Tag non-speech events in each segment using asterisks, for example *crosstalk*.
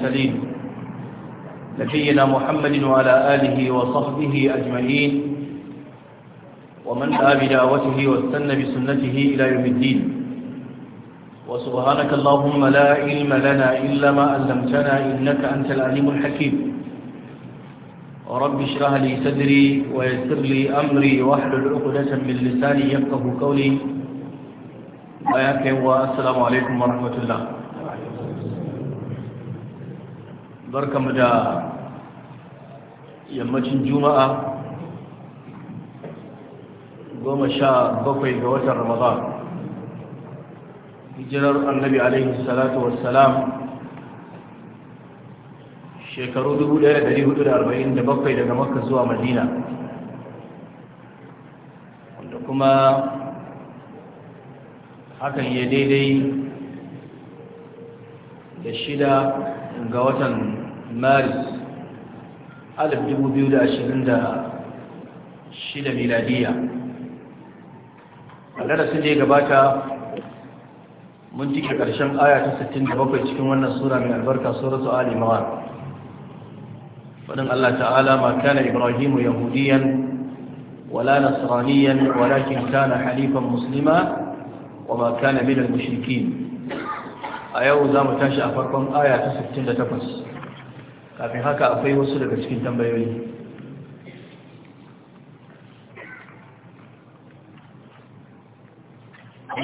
سليم نبينا محمد وعلى آله وصحبه أجمعين ومن دعا بدعوته واستنى بسنته إلى يوم الدين وسبحانك اللهم لا علم لنا إلا ما علمتنا إنك أنت العليم الحكيم وربي اشرح لي صدري ويسر لي أمري واحلل عقدة من لساني يفقه قولي السلام والسلام عليكم ورحمة الله barkamu da yammacin juma'a goma sha bakwai ga watan ramadan hijirar annabi alaihi salatu wassalam shekaru 1447 daga makka zuwa madina wanda kuma hakan ya daidai da shida ga watan maris 2026 miladiya a darasin da ya gabata mun cike ƙarshen aya ta 67 cikin wannan sura mai albarka suratu ali faɗin Allah ta'ala ma kana ibrahimu yahudiyan wala nasraniyan walakin kana halifan muslima wama kana minal mushrikin a yau za mu tashi a farkon aya ta 68 kafin haka akwai wasu daga cikin tambayoyi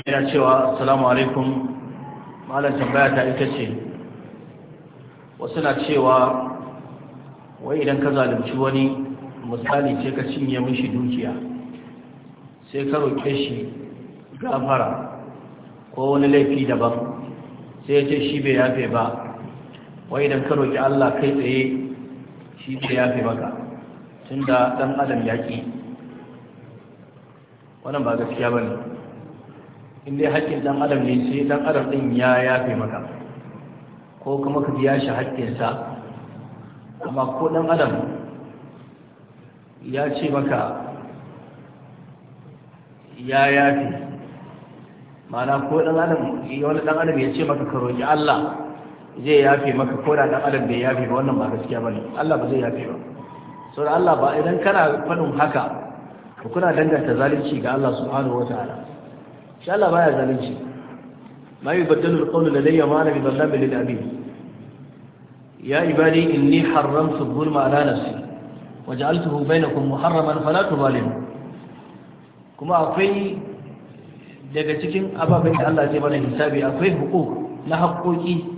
yana cewa assalamu alaikum malam tambaya ta ita ce wasu na cewa wai idan ka zalunci wani misali ce ka cinye mishi dukiya sai ka roƙe shi gafara ko wani laifi daban sai ya ce shi bai yafe ba wai idan ka roƙi Allah kai tsaye shi ce ya fi maka tun da ɗan adam ya ƙi wannan ba gaskiya ba ne in dai haƙƙin ɗan adam ne sai ɗan adam ɗin ya ya fi maka ko kuma ka biya shi haƙƙinsa amma ko ɗan adam ya ce maka ya fi mana ko ɗan adam wani ɗan adam ya ce maka ka roƙi Allah zai yafe maka ko da dan da bai yafe ba wannan ba gaskiya bane Allah ba zai yafe ba so da Allah ba idan kana fadin haka to kuna danganta zalunci ga Allah subhanahu wataala insha Allah baya zalunci ma yubaddalu alqawlu ladayya ma ana bidallabi lil abid ya ibadi inni harramtu dhulma ala nafsi waj'altuhu bainakum muharraman fala tuzalimu kuma akwai daga cikin ababen da Allah ya zai mana hisabi akwai hukuk na haƙoƙi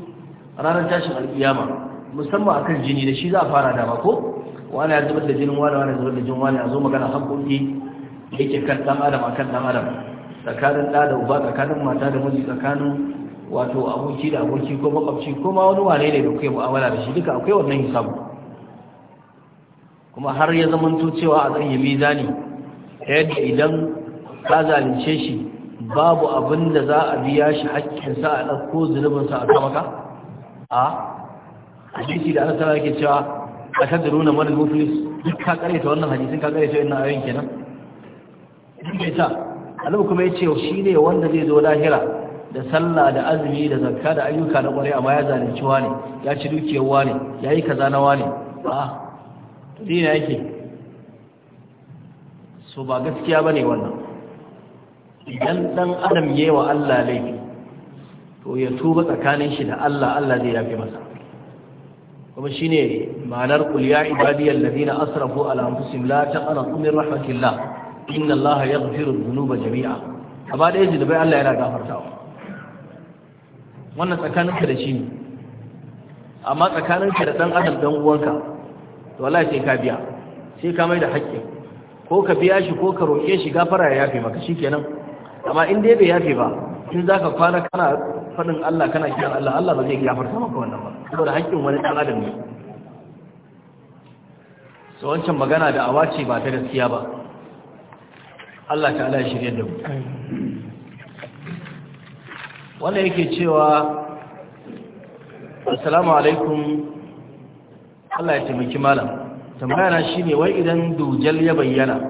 ranar tashin alƙiyama musamman akan jini da shi za a fara dama ko wani ya zubar da jinin wani wani zubar da jinin wani a zo magana haƙoƙi da yake kan ɗan adam akan ɗan adam tsakanin ɗa da uba tsakanin mata da miji tsakanin wato aboki da aboki ko makwabci ko ma wani wane ne da kai mu'amala da shi duka akwai wannan hisabu kuma har ya to cewa a yi mizani yadda idan ka zalunce shi babu abin da za a biya shi haƙƙinsa a ɗauko zunubinsa a kamaka a hadisi da anasara yake cewa a shaddaruna marar muflis duk ka kare ta wannan hadisin ka kare ta wannan ayoyin kenan duk ta alabu kuma ya ce shi ne wanda zai zo lahira da sallah da azumi da zakka da ayyuka na kwarai amma ya zalunci wani ya ci dukiyar ne ya yi kaza na ne. a dina yake so ba gaskiya ba ne wannan idan dan adam yi wa Allah laifi to ya tuba tsakanin shi da Allah Allah zai yafe masa kuma shine ma'anar qul ya ibadiyal ladina asrafu ala anfusihim la taqnatu min rahmatillah inna Allah yaghfiru dhunuba jami'a amma dai zunubai Allah yana gafartawa wannan tsakaninka da shi ne amma tsakanin tsakaninka da dan adam dan uwanka to wallahi sai ka biya sai ka mai da haƙƙi ko ka biya shi ko ka roƙe shi gafara ya yafe maka shikenan amma in dai bai yafe ba in zaka kwana kana faɗin Allah kana kiran Allah Allah ba zai gafarta maka wannan ba saboda haƙƙin wani ɗan adam ne so wancan magana da awa ba ta gaskiya ba Allah ta Allah shirye da mu wannan yake cewa assalamu alaikum Allah ya taimaki malam na shine wai idan dujal ya bayyana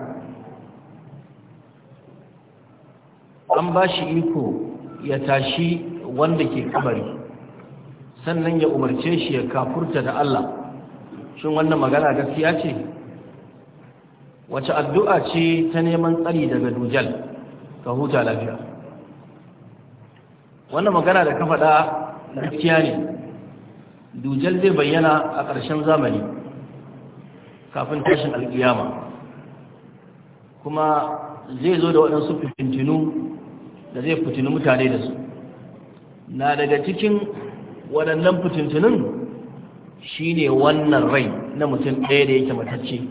an ba shi iko ya tashi wanda ke kabari sannan ya umarce shi ya kafurta da Allah shin wannan magana gaskiya ce wace addu'a ce ta neman tsari daga dujal ka huta lafiya wannan magana da ka faɗa gaskiya ne dujal zai bayyana a ƙarshen zamani kafin tashin alƙiyama kuma zai zo da waɗansu fitintinu da zai fitini mutane da su na daga cikin waɗannan fitintunin ne wannan rai na mutum ɗaya da yake matacce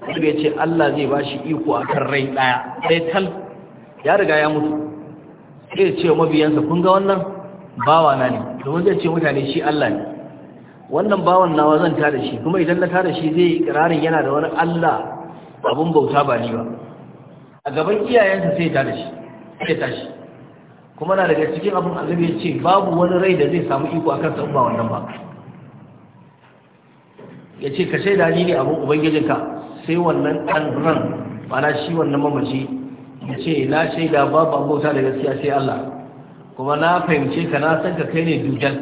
wanda bai ce Allah zai ba shi iko a kan rai ɗaya ɗaya tal ya riga ya mutu zai ce mabiyansa kun ga wannan bawa na ne domin zai ce mutane shi Allah ne wannan bawan nawa zan tada shi kuma idan na tada shi zai ƙirarin yana da wani Allah abun bauta ba ni ba a gaban iyayensa sai tada shi sai tashi kuma na daga cikin abin annabi ya ce babu wani rai da zai samu iko akan sa ba wannan ba ya ce ka shaida ni ne abin ubangijinka sai wannan ɗan ran bana shi wannan mamaci ya ce na shaida babu abota da gaskiya sai Allah kuma na fahimce ka na san ka kai ne dujal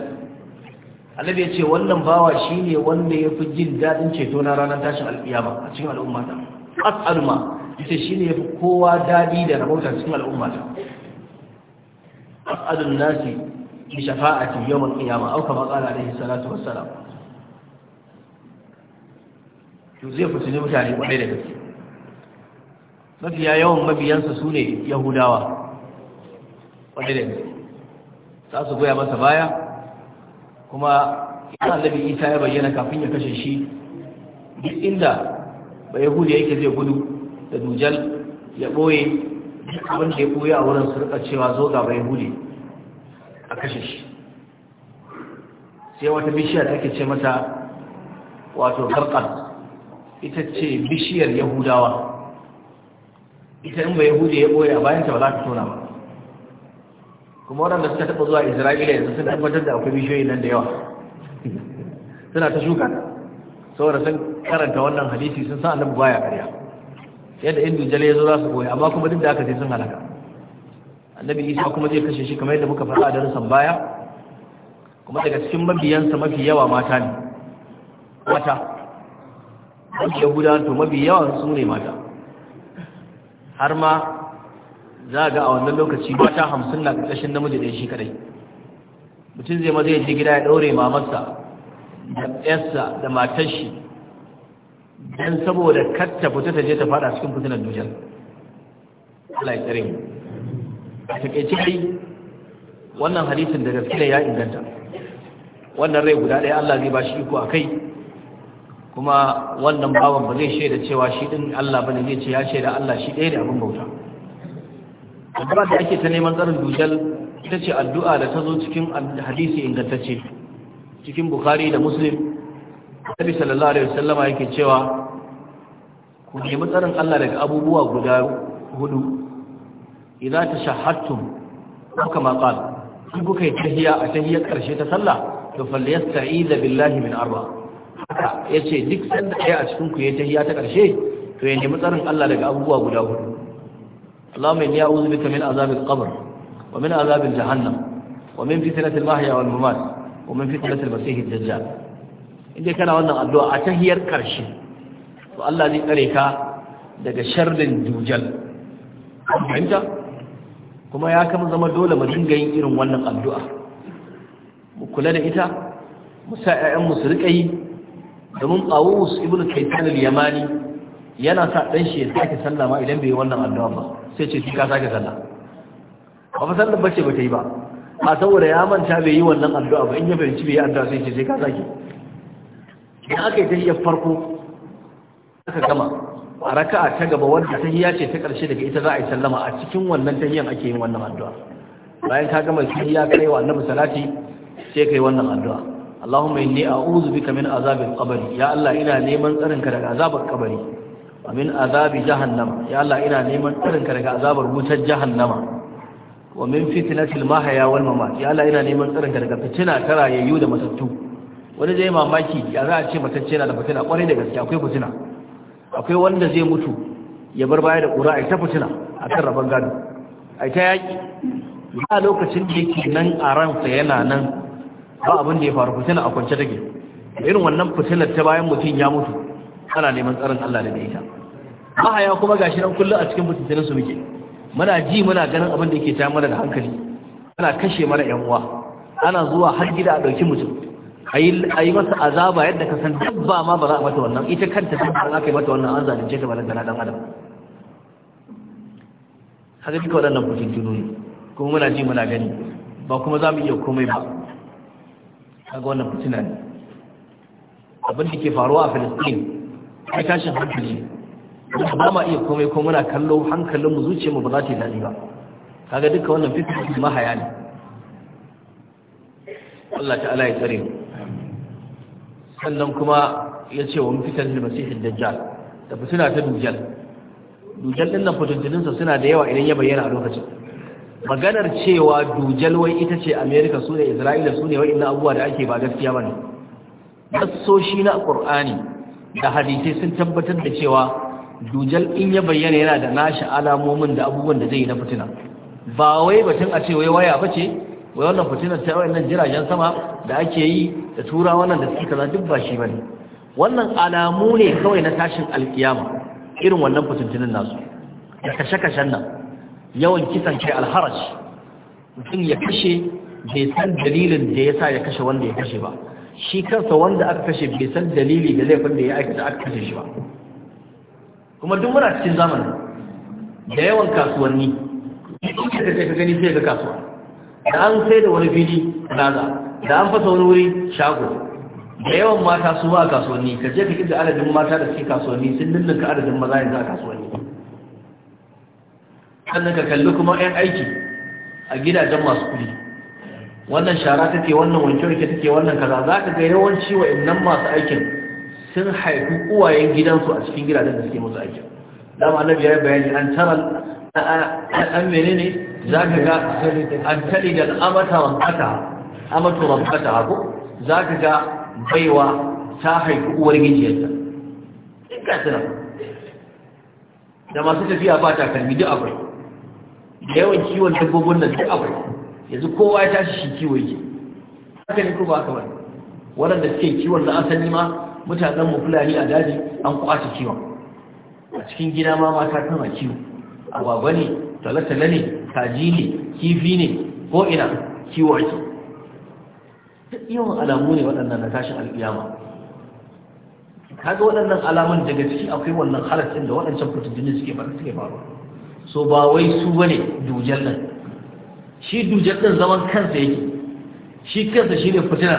annabi ya ce wannan bawa shi ne wanda ya fi jin daɗin ceto na ranar tashin alƙiyama a cikin al'umma ta ma ita shi ne ya fi kowa daɗi da rabauta cikin al'umma as'adun nasi bi shafa'ati yawmal qiyamah aw kama qala alaihi salatu wassalam to zai fitini mutane kwarai da gaske mafiya yawan mabiyansa sune yahudawa kwarai da za su goya masa baya kuma yana annabi isa ya bayyana kafin ya kashe shi duk inda ba yahudi yake zai gudu da dujal ya ɓoye abin da ya koya a wurin surka cewa zo ga bai huli a kashe shi sai wata bishiya take ce mata wato karkar ita ce bishiyar yahudawa ita in bai yahudi ya ɓoye a bayan ta ba za ta tona ba kuma waɗanda suka taɓa zuwa isra'ila yanzu sun tabbatar da akwai bishiyoyi nan da yawa *laughs* suna ta shuka saboda sun karanta wannan hadisi sun san annabi baya karya. yadda in dujjale ya zo za su goye amma kuma duk da aka sai sun halaka annabi isa kuma zai kashe shi kamar yadda muka faɗa a darussan baya kuma daga cikin mabiyansa mafi yawa mata ne mata wani yahudawa to mafi yawan su ne mata har ma za ga a wannan lokaci mata hamsin na ƙarƙashin namiji ɗaya shi kadai mutum zai ma ya je gida ya ɗaure mamarsa da ƴarsa da matar shi dan saboda katta fita ta je ta fada cikin fitinar dujal Allah ya tsare mu a takeice ai wannan hadisin da gaskiya ya inganta wannan rai guda ɗaya Allah zai ba shi iko akai kuma wannan bawan ba zai shaida cewa shi din Allah bane zai ce ya shaida Allah shi ɗaya da abin bauta addu'a da ake ta neman tsarin dujal ita ce addu'a da ta zo cikin hadisi ingantacce cikin bukhari da muslim Nabi sallallahu alaihi wasallam yake cewa ku nemi tsarin Allah daga abubuwa guda hudu idza tashahhattum kama qal in kuka yi tahiyya a tahiyyar karshe ta sallah to falyasta'iza billahi min arba haka yace duk sanda kai a cikin ku yayi tahiyya ta karshe to ya nemi tsarin Allah daga abubuwa guda hudu Allahumma inni a'udhu bika min azabil qabr wa min azabil jahannam wa min fitnatil mahya wal mamat wa min fitnatil masiihid dajjal inda kana wannan addu'a a tahiyar karshe to Allah zai tsare ka daga sharrin dujal fahimta kuma ya kama zama dole mu dinga yin irin wannan addu'a mu kula da ita mu sa ƴaƴan mu su yi domin Qawus ibn Kaytan al-Yamani yana sa dan shi ya sake sallah ma idan bai yi wannan addu'a ba sai ce shi ka sake sallah ba fa sallar bace ba ta yi ba a saboda ya manta bai yi wannan addu'a ba in ya fahimci bai yi addu'a sai ce sai ka sake idan aka yi tahiyar farko aka gama a raka'a ta gaba wanda tahiyya ce ta ƙarshe daga ita za a yi sallama a cikin wannan tahiyyan ake yin wannan addu'a bayan ka gama tahiyya kai wa annabi salati sai kai wannan addu'a Allahumma inni a'udhu bika min azabil qabri ya Allah ina neman tsarin ka daga azabar kabari wa min azabi jahannam ya Allah ina neman tsarin ka daga azabar wutar jahannama wa min fitnatil mahya wal mamat ya Allah ina neman tsarin ka daga fitina ta rayayyu da matattu wani zai mamaki ya za a ce matacce na da fitina kwarai da gaske akwai fitina akwai wanda zai mutu ya bar baya da ƙura a ta fitina a kan rabon gado a ta yaƙi ba lokacin da yake nan a ransa yana nan ba abin da ya faru fitina a kwance take irin wannan fitinar ta bayan mutum ya mutu ana neman tsarin Allah da ita mahaya kuma gashi nan kullum a cikin fitintunan su muke muna ji muna ganin abin da yake ta mana da hankali ana kashe mana yan uwa ana zuwa har gida a ɗauki mutum a yi masa azaba yadda ka san dabba ma ba za a mata wannan ita kanta ba za ka yi mata wannan an zalunce ta balan gana dan adam haka duka waɗannan fitintunu ne kuma muna ji muna gani ba kuma za mu iya komai ba kaga wannan fitina ne abin da ke faruwa a filistin ai tashin hankali ba ma iya komai kuma muna kallo hankalin hankalinmu zuciyarmu ba za ta yi daɗi ba kaga duka wannan fitina mahaya ne Allah ta'ala ya tsare mu sannan kuma ya ce wa da masihin dajjal da fitina ta dujjal dujjal ɗin nan fitintuninsa suna da yawa idan ya bayyana a lokacin maganar cewa dujjal wai ita ce amerika su ne isra'ila su ne ina abubuwa da ake ba gaskiya ba ne nassoshi na ƙur'ani da hadisai sun tabbatar da cewa dujjal in ya bayyana yana da nashi alamomin da abubuwan da zai yi na fitina ba wai batun a ce wai waya ba ce wai wannan fitinar ta wayannan jiragen sama da ake yi da tura wannan da suka kaza duk ba shi bane wannan alamu ne kawai na tashin alkiyama irin wannan fitintunin nasu da kashe-kashen nan yawan kisan kai alharaj mutum ya kashe bai san dalilin da ya sa ya kashe wanda ya kashe ba shi kansa wanda aka kashe bai san dalili da laifin da ya aikata aka kashe shi ba kuma duk muna cikin zamanin da yawan kasuwanni duk da ka gani sai ga kasuwa da an sai da wani fili naza da an fasa wani wuri shago da yawan mata su ba kasuwanni ka je ka kida adadin mata da suke kasuwanni sun lullunka adadin maza yanzu a kasuwanni sannan ka kalli kuma 'yan aiki a gidajen masu kuli wannan shara take wannan wanke-wanke take wannan kaza za ka ga yawanci wa'annan masu aikin sun haifi uwayen gidansu a cikin gidajen da suke musu aikin dama annabi biyar bayani an tara an menene za ka ga an tali da amata rabbata amatu kata ko za ka ga baiwa ta haifi uwar gijiyarta in ka tana da masu tafiya ba ta kalmi duk abai da yawan kiwon dabbobin nan duk abai yanzu kowa ya tashi shi kiwo yake haka ne ko ba haka ba waɗanda suke kiwon da asali ma mutanen mu fulani a daji an kwace kiwon a cikin gida ma mata tana kiwo agwagwa ne talatala ne kaji ne kifi ne ko ina kiwo ake duk yawan alamu ne waɗannan na tashin alƙiyama kaga waɗannan alamun daga ciki akwai wannan halattun da waɗancan fitattun suke faru suke faru so ba wai su ne dujen nan shi dujen ɗin zaman kansa yake shi kansa shi ne fitina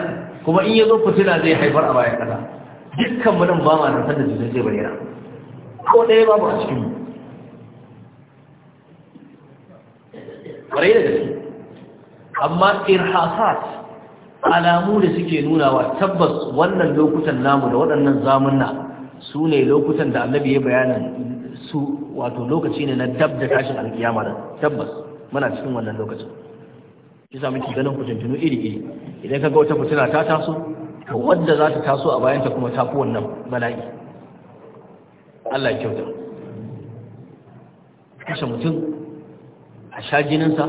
kuma in ya zo fitina zai haifar a bayan kasa. dukkan mu nan ba ma nan sanda dujen zai bayyana ko ɗaya babu a cikin mu ƙwarai da gaske amma irhasat alamu da suke nuna wa tabbas wannan lokutan namu da waɗannan zamunna su ne lokutan da annabi ya bayanin su wato lokaci ne na dab da tashin alkiyama da tabbas muna cikin wannan lokacin kisa miki ganin kutuntunu iri iri idan ka ga wata fitina ta taso to wadda za ta taso a bayanta kuma ta fi wannan bala'i Allah kyauta kashe mutum a sha jininsa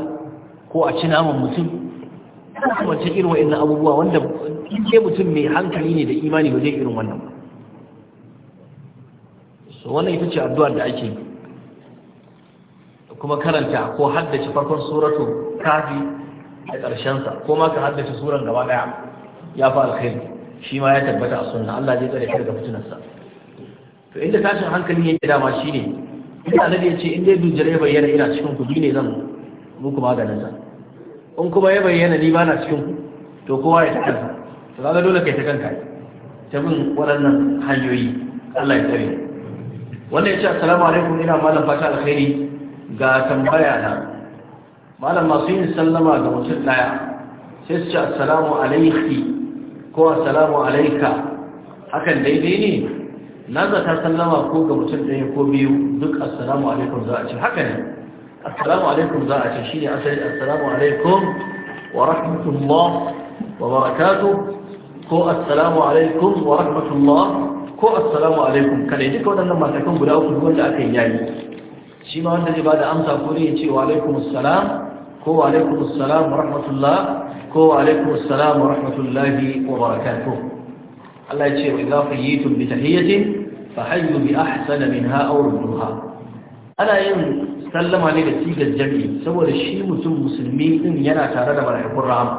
ko a ci naman mutum ko kuma irin wa'annan abubuwa wanda ke mutum mai hankali ne da imani ba irin wannan so wannan ita ce addu'ar da ake kuma karanta ko haddace farkon suratu kafi a ƙarshensa ko ma ka haddace suran gaba daya ya fi alkhairi shi ma ya tabbata a sunna Allah zai tsare ka daga fitinarsa to inda tashin hankali yake dama shi ne, ina annabi ya ce in dai dujjal ya bayyana ina cikin ku ne zan muku maganin sa in kuma ya bayyana ni ba na cikin ku to kowa ya ta kansa to kaga dole kai ta kanka ta bin waɗannan hanyoyi Allah ya tsare wannan ya ce assalamu alaikum ina malam fata alkhairi ga tambaya na malam masu yin sallama ga mutum ɗaya. sai su ce assalamu alaikum ko assalamu alaika hakan daidai ne na zata sallama ko ga mutum ɗaya ko biyu duk assalamu alaikum za a ce haka ne assalamu alaikum za a ce shi ne asali assalamu alaikum wa rahmatullah wa barakatu ko assalamu alaikum wa rahmatullah ko assalamu alaikum kada duka waɗannan matakan guda uku wanda aka yi yayi shi ma wanda zai ba da amsa ko ne ya ce wa alaikum assalam ko wa alaikum assalam wa rahmatullah ko wa alaikum assalam wa rahmatullahi wa barakatuh Allah ya ce wa idza hayyitum bi tahiyyatin fa hayyu bi ahsana minha aw rudduha ana yin sallama ne da sigar jami'i saboda shi mutum musulmi din yana tare da mala'ikun rahama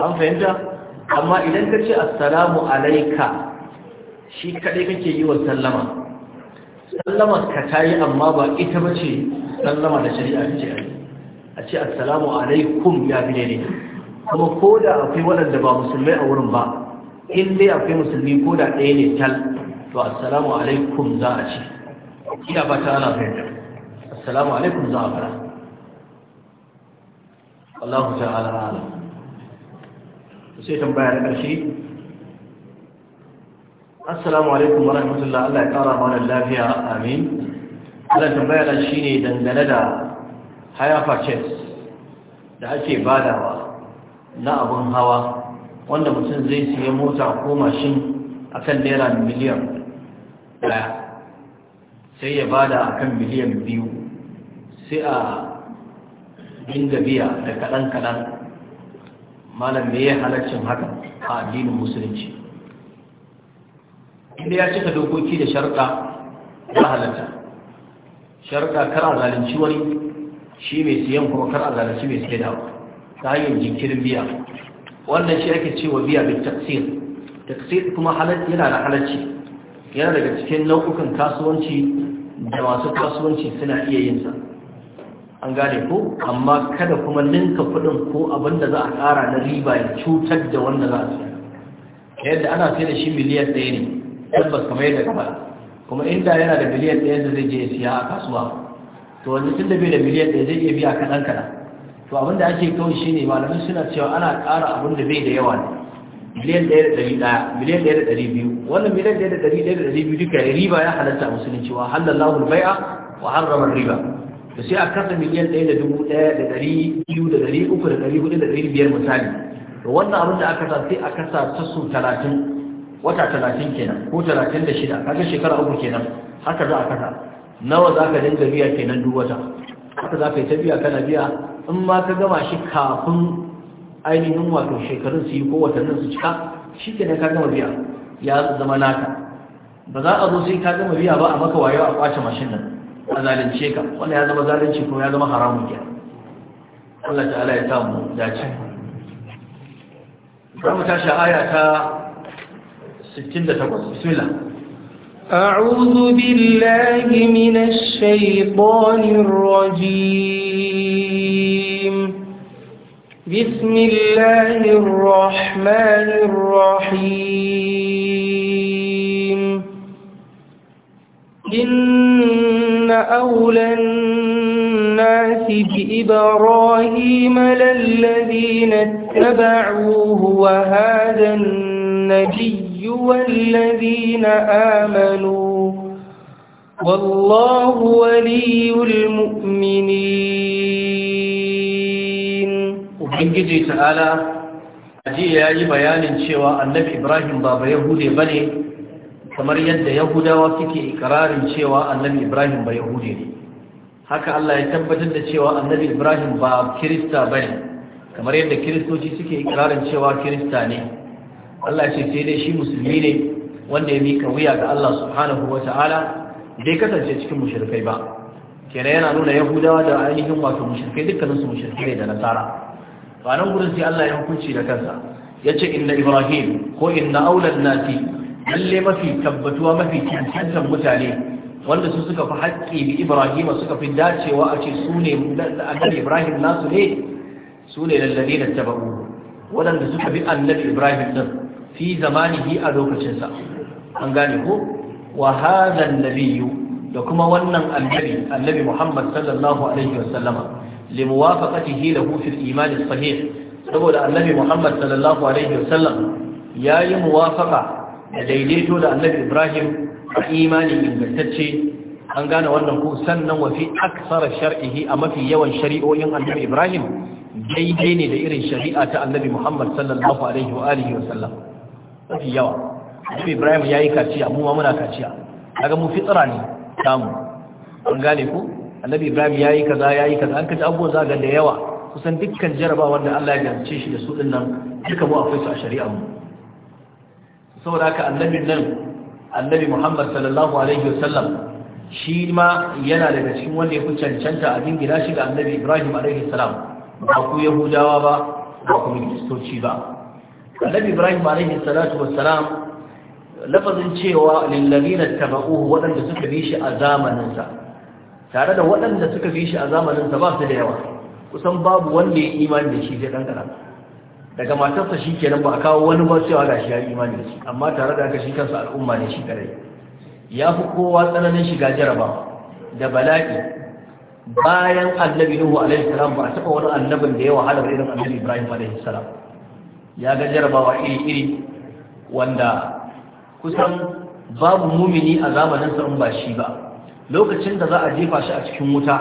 an fahimta amma idan ka ce assalamu alaika shi kadai kake yi wa sallama sallama ka tayi amma ba ita ce sallama da shari'a ce a ce assalamu alaikum ya bi ne kuma ko da akwai waɗanda ba musulmai a wurin ba in dai akwai musulmi ko da ɗaya ne tal to assalamu alaikum za a ce ina ba ta ana fahimta assalamu alaikum za a fara Allah ta'ala ala sai tambaya na ƙarshe assalamu alaikum wa rahmatullah Allah ya ƙara mana lafiya amin Allah tambaya da shi ne dangane da haya faces da ake badawa na abun hawa wanda mutum zai siya mota ko mashin a kan naira miliyan ɗaya sai ya bada a kan miliyan biyu sai a dinga biya da kaɗan-kaɗan malam mai yi halarcin haka a addinin musulunci inda ya cika dokoki da sharka ya halarta. sharka kar a zalunci wani shi mai siyan kuma kar a zalunci mai sai da ta hanyar jinkirin biya wannan shi ake cewa biya bin taksir taksir kuma yana da halarci yana daga cikin nau'ukan kasuwanci da masu kasuwanci suna iya yin sa an gane ko amma kada kuma ninka kuɗin ko abin da za a ƙara na riba ya cutar da wanda za a sayar yadda ana sayar da shi miliyan ɗaya ne tabbas kamar yadda gaba kuma inda yana da miliyan ɗaya da zai je ya siya a kasuwa to wanda tun da bai da miliyan ɗaya zai iya biya kaɗan kaɗan to abin da ake kawai shi ne malamai suna cewa ana ƙara abin da zai da yawa ne miliyan ɗaya da ɗari ɗaya miliyan ɗaya da ɗari biyu wannan miliyan ɗaya da ɗari ɗaya da ɗari biyu duka riba ya halatta musulunci wa halallahu bai'a wa harrama riba da sai a kasa miliyan ɗaya da dubu ɗaya da ɗari biyu da ɗari uku da ɗari hudu da ɗari biyar misali to wannan abin da aka sa sai a kasa ta su talatin wata talatin kenan ko talatin da shida kaga shekara uku kenan haka za a kasa nawa za ka dinga biya kenan duk wata haka za ka yi ta biya kana biya in ma ka gama shi kafin ainihin wato shekarun su yi ko watannin su cika shi ke ka gama biya ya zama naka ba za a zo sai ka gama biya ba a maka wayo a kwace mashin nan a zalunce ka wanda ya zama zalunci kuma ya zama haramun ke Allah ta'ala ya samu dace zamu tashi aya ta 68 bismillah أعوذ بالله من الشيطان الرجيم بسم الله الرحمن الرحيم إن أولى الناس بإبراهيم للذين اتبعوه وهذا النبي والذين آمنوا والله ولي المؤمنين ubangiji ta'ala aji ya yi bayanin cewa annabi ibrahim ba yahude ba ne kamar yadda yahudawa suke ikirarin cewa annabi ibrahim ba yahude ne haka allah ya tabbatar da cewa annabi ibrahim ba kirista ba ne kamar yadda kiristoci suke ikirarin cewa kirista ne allah ce sai dai shi musulmi ne wanda ya mika wuya ga allah subhanahu wa ta'ala bai kasance cikin mushrikai ba kenan yana nuna yahudawa da ainihin wato mushrikai dukkaninsu ne da nasara ba nan gurin sai Allah ya hukunci da kansa Ya ce inda ibrahim ko inna aulad nasi lalle mafi tabbatuwa mafi cancantar mutane wanda su suka fi haƙƙi bi ibrahim suka fi dacewa a ce su ne annabi ibrahim nasu ne su ne lallare da tabaru waɗanda suka bi annabi ibrahim din fi zamanihi a lokacinsa an gane ko wa hadha da kuma wannan annabi annabi muhammad sallallahu alaihi wa sallama. limuwafaqatihi lahu fil iman sahih saboda annabi Muhammad sallallahu alaihi wasallam yayi muwafaqa da daidaito da annabi Ibrahim a imani ingantacce an gane wannan ko sannan wa fi aksara shar'ihi a mafi yawan shari'o'in annabi Ibrahim daidai ne da irin shari'a ta annabi Muhammad sallallahu alaihi wa alihi wasallam mafi yawa annabi Ibrahim yayi kaciya mu ma muna kaciya kaga mu ne gane ku annabi ibrahim ya yi kaza ya yi kaza an kaji abubuwa zaga da yawa kusan dukkan jaraba wanda allah ya jarabce shi da su ɗin nan duka mu akwai su a shari'a mu saboda haka annabin nan annabi muhammad sallallahu alaihi wasallam shi ma yana daga cikin wanda ya fi cancanta a jingina shi ga annabi ibrahim alaihi salam ba ku yahudawa ba ba ku kiristoci ba annabi ibrahim alaihi salatu wassalam lafazin cewa na tabauhu waɗanda suka bi shi a zamaninsa tare da waɗanda suka bi shi a zamaninsa ba su da yawa kusan babu wanda ya imani da shi sai ɗan ƙaran daga matarsa shi kenan ba a kawo wani ba cewa ga shi ya imani da shi amma tare da aka shi kansa al'umma ne shi kare ya fi kowa tsananin shiga jaraba da bala'i bayan annabi Nuhu alaihi salam ba a taɓa wani annabin da ya wahala irin annabi Ibrahim alaihi salam ya ga jarabawa iri-iri wanda kusan babu mumini a zamanin sa in ba shi ba lokacin da za a jefa shi a cikin wuta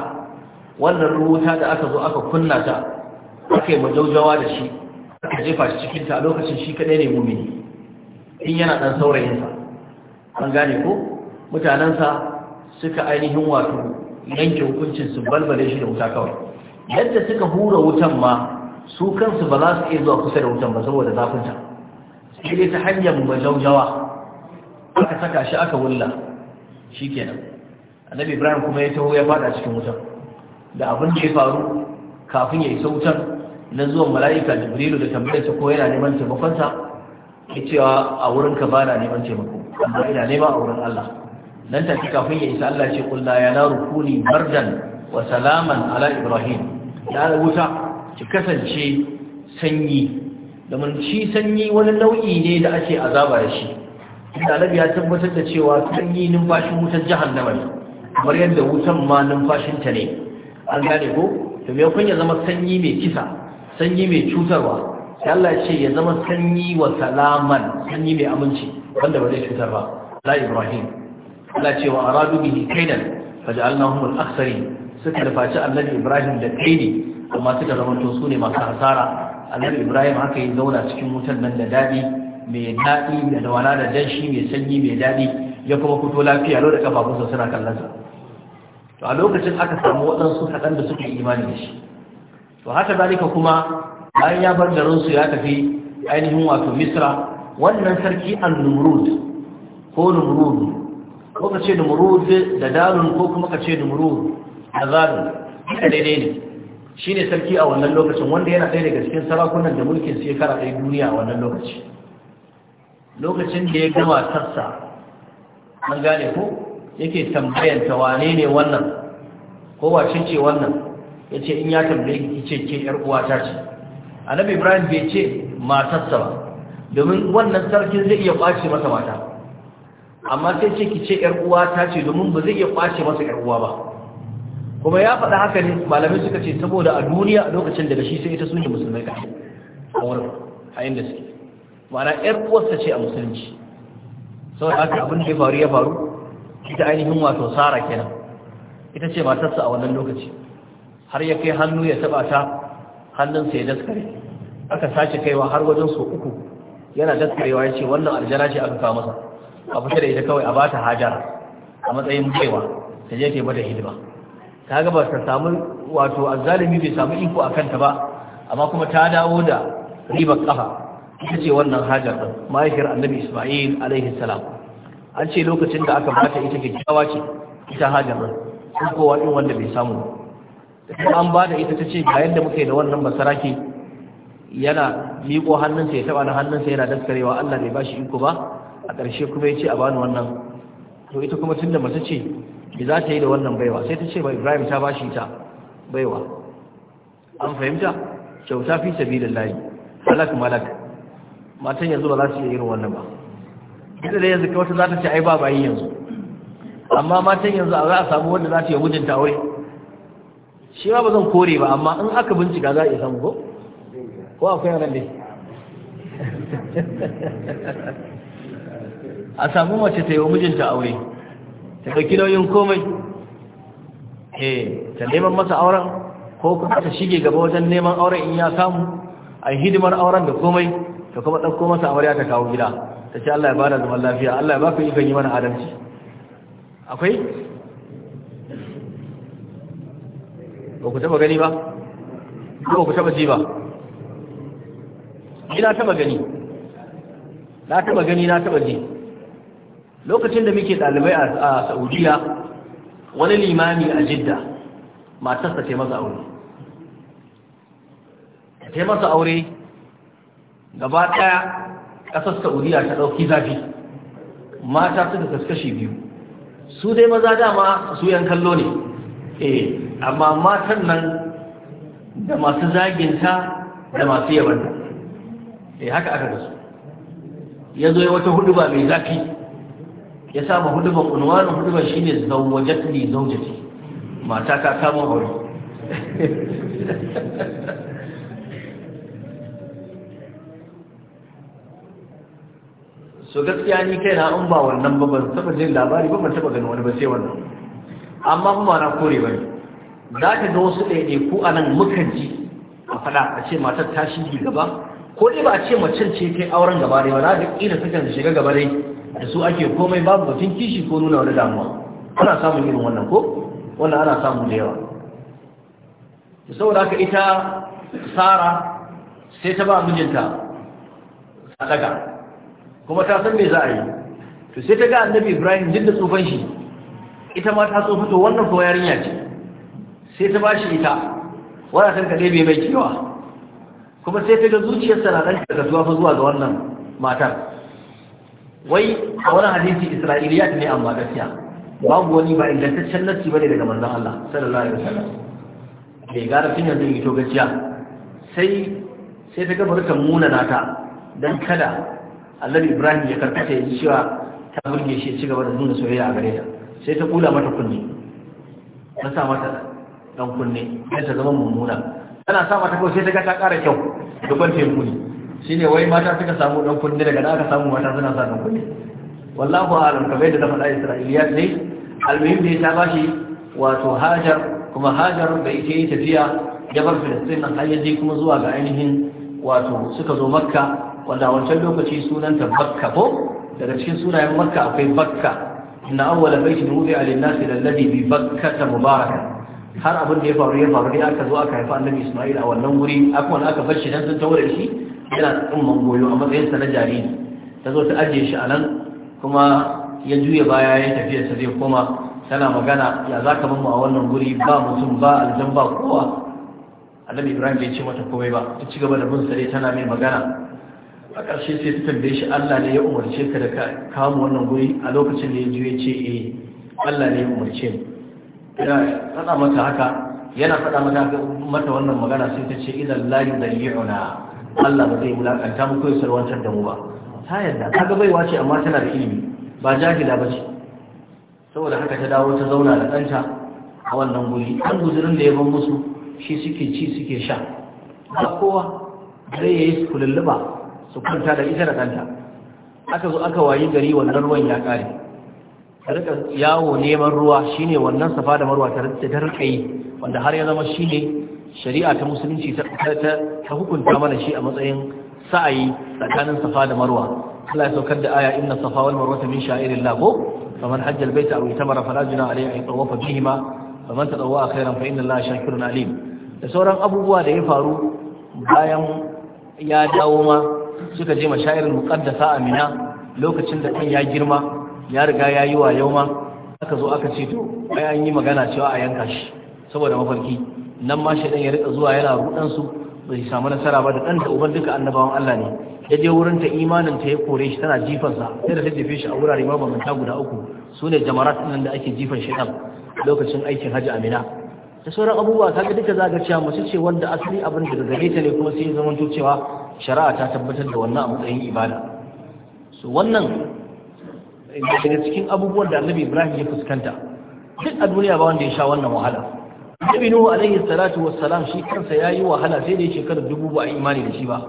wannan ruwuta da aka zo aka kunna ta aka yi majaujawa da shi aka jefa shi cikin ta lokacin shi kadai ne mumini in yana ɗan saurayinsa an gane ko mutanensa suka ainihin wato yanke hukuncin su balbale shi da wuta kawai yadda suka hura wutan ma su kansu ba za su iya zuwa kusa da wutan ba saboda zafinta sai dai ta hanyar majaujawa aka saka shi aka wulla shi kenan annabi ibrahim kuma ya taho ya fada cikin wutan da abin da ya faru kafin ya isa wutan na zuwan mala'ika jibrilu da tambayarsa ko yana neman taimakonsa ya cewa a wurin ka bana neman taimako amma ina nema a wurin allah nan take kafin ya isa allah ce kulla ya na rukuni bardan wa salaman ala ibrahim da wuta ki kasance sanyi domin shi sanyi wani nau'i ne da ake azaba da shi da ya tabbatar da cewa sanyi numfashin wutar jahannama ne kamar yadda wutan ma numfashinta ne an gane ko to me kun ya zama sanyi mai kisa sanyi mai cutarwa sai Allah ya ce ya zama sanyi wa salaman sanyi mai aminci wanda ba zai cutar ba la ibrahim Allah ce wa aradu bihi kaidan faj'alnahum al suka dafaci annabi ibrahim da kaidi amma suka zama to su ne masu hasara annabi ibrahim haka yin zauna cikin wutan nan da dadi mai daɗi da wala da danshi mai sanyi mai daɗi ya kuma fito lafiya lau da kafafunsa suna kallonsa to a lokacin aka samu waɗansu kaɗan da suke imani da shi to haka zalika kuma bayan ya bar garinsu ya tafi ainihin wato misra wannan sarki al-numrud ko numrud ko ka ce numrud da dalun ko kuma ka ce numrud da zalun haka daidai ne shi ne sarki a wannan lokacin wanda yana ɗaya daga cikin sarakunan da mulkin su ya kara ɗaya duniya a wannan lokaci lokacin da ya gama sassa an gane ko yake tambayan ta wane ne wannan ko wace ce wannan yace in ya tambaye ki ce ke yar uwata ce annabi ibrahim bai ce matarsa ba domin wannan sarkin zai iya kwace masa mata amma sai ce ki ce yar uwata ce domin ba zai iya kwace masa yar uwa ba kuma ya faɗa haka ne malamai suka ce saboda a duniya a lokacin da shi sai ita sunje musulmai ka a a inda suke ma'ana yar uwarsa ce a musulunci saboda haka abin da ya faru ya faru ita ainihin wato sara kenan ita ce matarsa a wannan lokaci har ya kai hannu ya taba ta hannunsa ya daskare aka sace kaiwa har wajen so uku yana daskarewa ya ce wannan aljana ce aka kawo masa a fita da ita kawai a bata hajara a matsayin kaiwa ta je yi bada hidima ta gabata ba ta samu wato azzalimi bai samu iko a kanta ba amma kuma ta dawo da ribar kafa ita ce wannan hajar mahaifiyar annabi isma'il alaihi salam an ce lokacin da aka bata ita kyakkyawa ce ita hajara sun kowa ɗin wanda bai samu an ba da ita ta ce ga yadda muke da wannan basarake yana miko hannunsa ya taɓa na hannunsa yana daskarewa allah bai ba shi iko ba a ƙarshe kuma ya ce a bani wannan to ita kuma tun da mace ce bai za ta yi da wannan baiwa sai ta ce ba ibrahim ta ba shi ta baiwa an fahimta kyauta fi layi halak malak matan yanzu ba za su iya irin wannan ba ita da yanzu wata za ta ce ai ba bayi yanzu amma matan yanzu a za a samu wanda za ta yi mijinta aure shi ba zan kore ba amma in aka bincika za a iya samu ko ko akwai yaran ne a samu mace ta yi wa mijinta aure ta ɗauki nauyin komai eh ta neman masa auren ko kuma ta shige gaba wajen neman auren in ya samu a hidimar auren da komai ta kuma ɗauko masa amarya ta kawo gida ta ce Allah ya da zaman lafiya Allah ya baka ikon yi mana adalci akwai ba ku taba gani ba ba ku taba ji ba ina taba gani na taba gani na taba ji lokacin da muke ɗalibai a saudiya wani limami a jidda matarsa ce masa aure ta masa aure gaba ɗaya ƙasar saudiya ta ɗauki zafi mata suka kaskashi biyu su dai maza dama su yan kallo ne eh amma matan nan da masu zaginta da masu ta eh haka aka gasu ya zo ya wata huduba mai zafi ya ma huduban unwanin huduban shi ne zaujatli zaujati mata ta kama aure *laughs* so gaskiya ni kai na an ba wannan ba ban taba jin labari ba ban taba ganin wani ba sai wannan amma kuma na kore bane za ka ga wasu ɗaiɗai ko a nan muka ji a faɗa a ce matar ta shige gaba ko dai ba a ce macen ce kai auren gaba dai ba za ka ƙila kan shiga gaba dai da su ake komai babu batun kishi ko nuna wani damuwa ana samun irin wannan ko wannan ana samun da yawa saboda haka ita sara sai ta ba mijinta sadaka kuma ta san me za a yi to sai ta ga annabi ibrahim jin da tsufan shi ita ma ta so fito wannan yarinya ce sai ta bashi ita wala san kaɗai bai mai kewa kuma sai ta ga sa na daga zuwa fa zuwa ga wannan matar wai a wani hadisi ta ne amma gaskiya babu wani ba ingantaccen nassi bane daga manzon Allah sallallahu alaihi wasallam bai gara tun yanzu yi to gaskiya sai sai ta ga bari ta muna nata dan kada annabi ibrahim ya karkata ya ji cewa ta burge shi ci gaba da nuna soyayya a gare ta sai ta kula mata kunne ta sa mata dan kunne sai ta zama mummuna tana sa mata kawai sai ta ga ta ƙara kyau da kwanta ne, shine wai mata suka samu dan kunne daga da aka samu mata suna sa dan kunne wallahu a'lam kamar yadda ta faɗa isra'iliyat ne almuhim ne ta bashi wato hajar kuma hajar bai ke tafiya ya bar filistin nan har yaje kuma zuwa ga ainihin wato suka zo makka wanda a wancan lokaci sunanta bakka ko daga cikin sunayen makka akwai bakka inna awwala baitin wudi alin da lalladhi bi bakkata mubaraka har abin da ya faru ya faru ne aka zo aka haifa annabi Isma'il a wannan wuri Akwai wani aka bar shi dan sun shi yana tsumman goyo a matsayin sa na jariri ta zo ta ajiye shi a nan kuma ya juya baya ya tafiya sa zai koma tana magana ya za ka mamu a wannan guri ba mutum ba aljan ba kowa annabi Ibrahim bai ce mata komai ba ta ci gaba da bin sa tana mai magana a ƙarshe sai ta tambaye shi Allah ne ya umarce ka da ka kama wannan guri a lokacin da ya ji ya ce eh Allah ne ya umarce ya faɗa mata haka yana faɗa mata mata wannan magana sai ta ce idan la yudayyi'una Allah ba zai mulakanta mu ko ya sarwantar da mu ba ta yadda ta ga baiwa ce amma tana da ilimi ba jahila ba ce saboda haka ta dawo ta zauna da ɗanta a wannan guri ɗan guzurin da ya ban musu shi suke ci suke sha ba kowa zai yi su kululluba su kwanta da ita da kanta aka zo aka wayi gari wannan ruwan ya kare ta rika yawo neman ruwa shine wannan safa da marwa ta rika yi wanda har ya zama shine shari'a ta musulunci ta hukunta mana shi a matsayin sa'ayi tsakanin safa da marwa Allah ya saukar da aya inna safa wal marwa min sha'irillah ko faman hajja al baita aw itamara fala junaha alayhi an yatawafa bihima faman tatawwa khairan fa inna Allaha shakirun alim da sauran abubuwa da ya faru bayan ya dawo ma suka je mashayirin muqaddasa amina lokacin da ɗan ya girma ya riga ya yi wa ma aka zo aka ce to ai an yi magana cewa a yanka shi saboda mafarki nan ma ɗan ya rika zuwa yana ruɗan su bai samu nasara ba da ɗan da uban duka annabawan Allah ne ya je wurin ta imanin ta ya kore shi tana jifan sa sai da ta jefe shi a wurare mabambanta guda uku Su sune jamarat nan da ake jifan shi ɗan lokacin aikin Hajji Amina da sauran abubuwa ta ga duka za ka cewa masu ce wanda asali abin da gare ta ne kuma sai ya zama cewa shari'a ta tabbatar da wannan a matsayin ibada so wannan daga cikin abubuwan da annabi ibrahim ya fuskanta duk a duniya ba wanda ya sha wannan wahala annabi nuhu alaihi salatu wassalam shi kansa ya yi wahala sai da shekarar dubu ba a imani da shi ba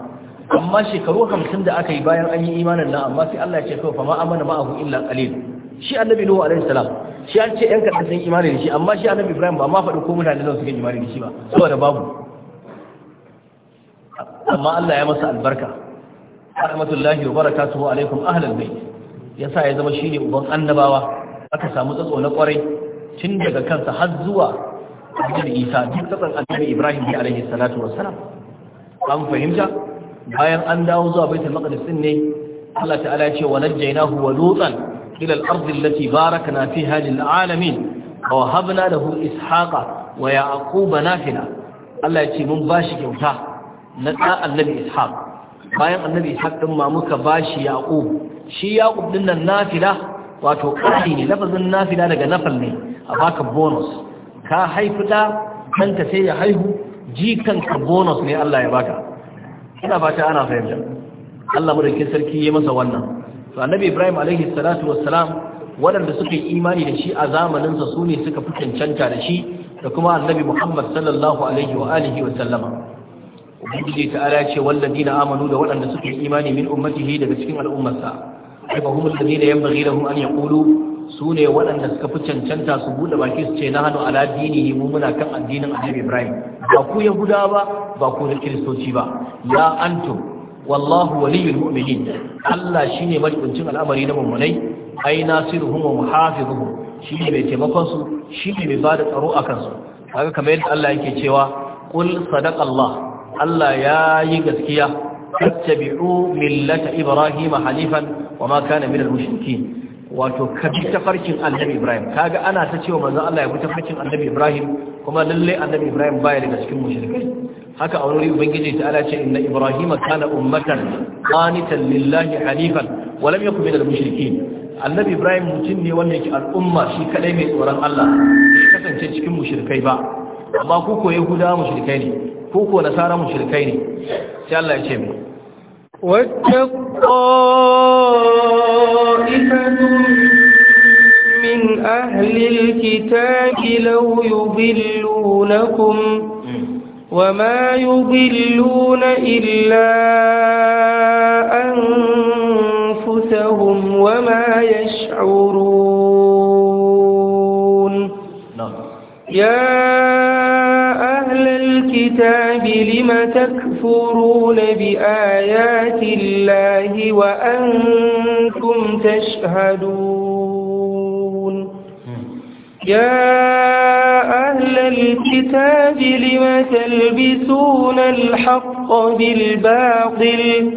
amma shekaru hamsin da aka yi bayan an yi imanin nan amma sai Allah ya ce kawai fa ma amana ma'ahu illa qalil shi annabi nuhu alaihi salam shi an ce yan kadan sun imani da shi amma shi annabi ibrahim ba ma faɗi ko mutane zan su ga imani da shi ba saboda babu amma Allah ya masa albarka rahmatullahi wa barakatuhu alaikum ahlal bait yasa ya zama shine uban annabawa aka samu tsatso na kwarai tun daga kansa har zuwa annabi Isa duk tsatson annabi Ibrahim bi alaihi salatu wassalam an fahimta bayan an dawo zuwa baitul maqdis din ne Allah ta'ala ya ce wa najjaynahu wa lutan ila al-ardh allati barakna fiha lil alamin wa wahabna lahu ishaqa wa yaquba nafila Allah ya ce mun bashi kyauta na ɗan annabi ishaq bayan annabi ishaq ɗin ma muka ba shi yaƙub shi yaƙub ɗin nan nafila wato ƙari ne lafazin nafila daga nafal ne a baka bonus ka haifi ɗa ɗanka sai ya haihu jikanka bonus ne Allah ya baka ina fata ana fahimta Allah madaukin sarki ya masa wannan to annabi Ibrahim alaihi salatu wassalam waɗanda suka yi imani da shi a zamaninsa su ne suka fi cancanta da shi da kuma annabi Muhammad sallallahu alaihi wa alihi wa sallama ubangiji ta'ala ce walladina amanu da waɗanda suke yi imani min ummatihi daga cikin al'ummarsa ai yan humul ladina yanbaghi lahum an yaqulu sune waɗanda suka fi cancanta su bude baki su ce na hanu ala dinihi mu muna kan addinin Annabi Ibrahim ba ku Yahuda ba ba ku Kiristoci ba ya antum wallahu waliyul mu'minin Allah shine majibincin al'amari na mummunai ai nasiruhum wa muhafizuhum shine mai taimakon su shine mai bada tsaro akan su kaga kamar yadda Allah yake cewa qul sadaqallah Allah ya yi gaskiya tattabi'u millata ibrahima Halifan wa ma kana minal mushrikin wato ka bi tafarkin annabi ibrahim kaga ana ta cewa manzon Allah ya bi tafarkin annabi ibrahim kuma lalle annabi ibrahim baya daga cikin mushrikai haka a wani ubangiji ta ala ce inna ibrahima kana ummatan qanitan lillahi halifan wa lam yakun minal mushrikin annabi ibrahim mutum ne wanda yake al'umma shi kadai mai tsoron Allah kasance cikin mushrikai ba amma ku ko yahuda mushrikai ne ko ko nasara mushrikai ne sai Allah ya ce mu من أهل الكتاب لو يضلونكم وما يضلون إلا أنفسهم وما يشعرون نعم. يا الكتاب لم تكفرون بآيات الله وأنتم تشهدون يا أهل الكتاب لم تلبسون الحق بالباطل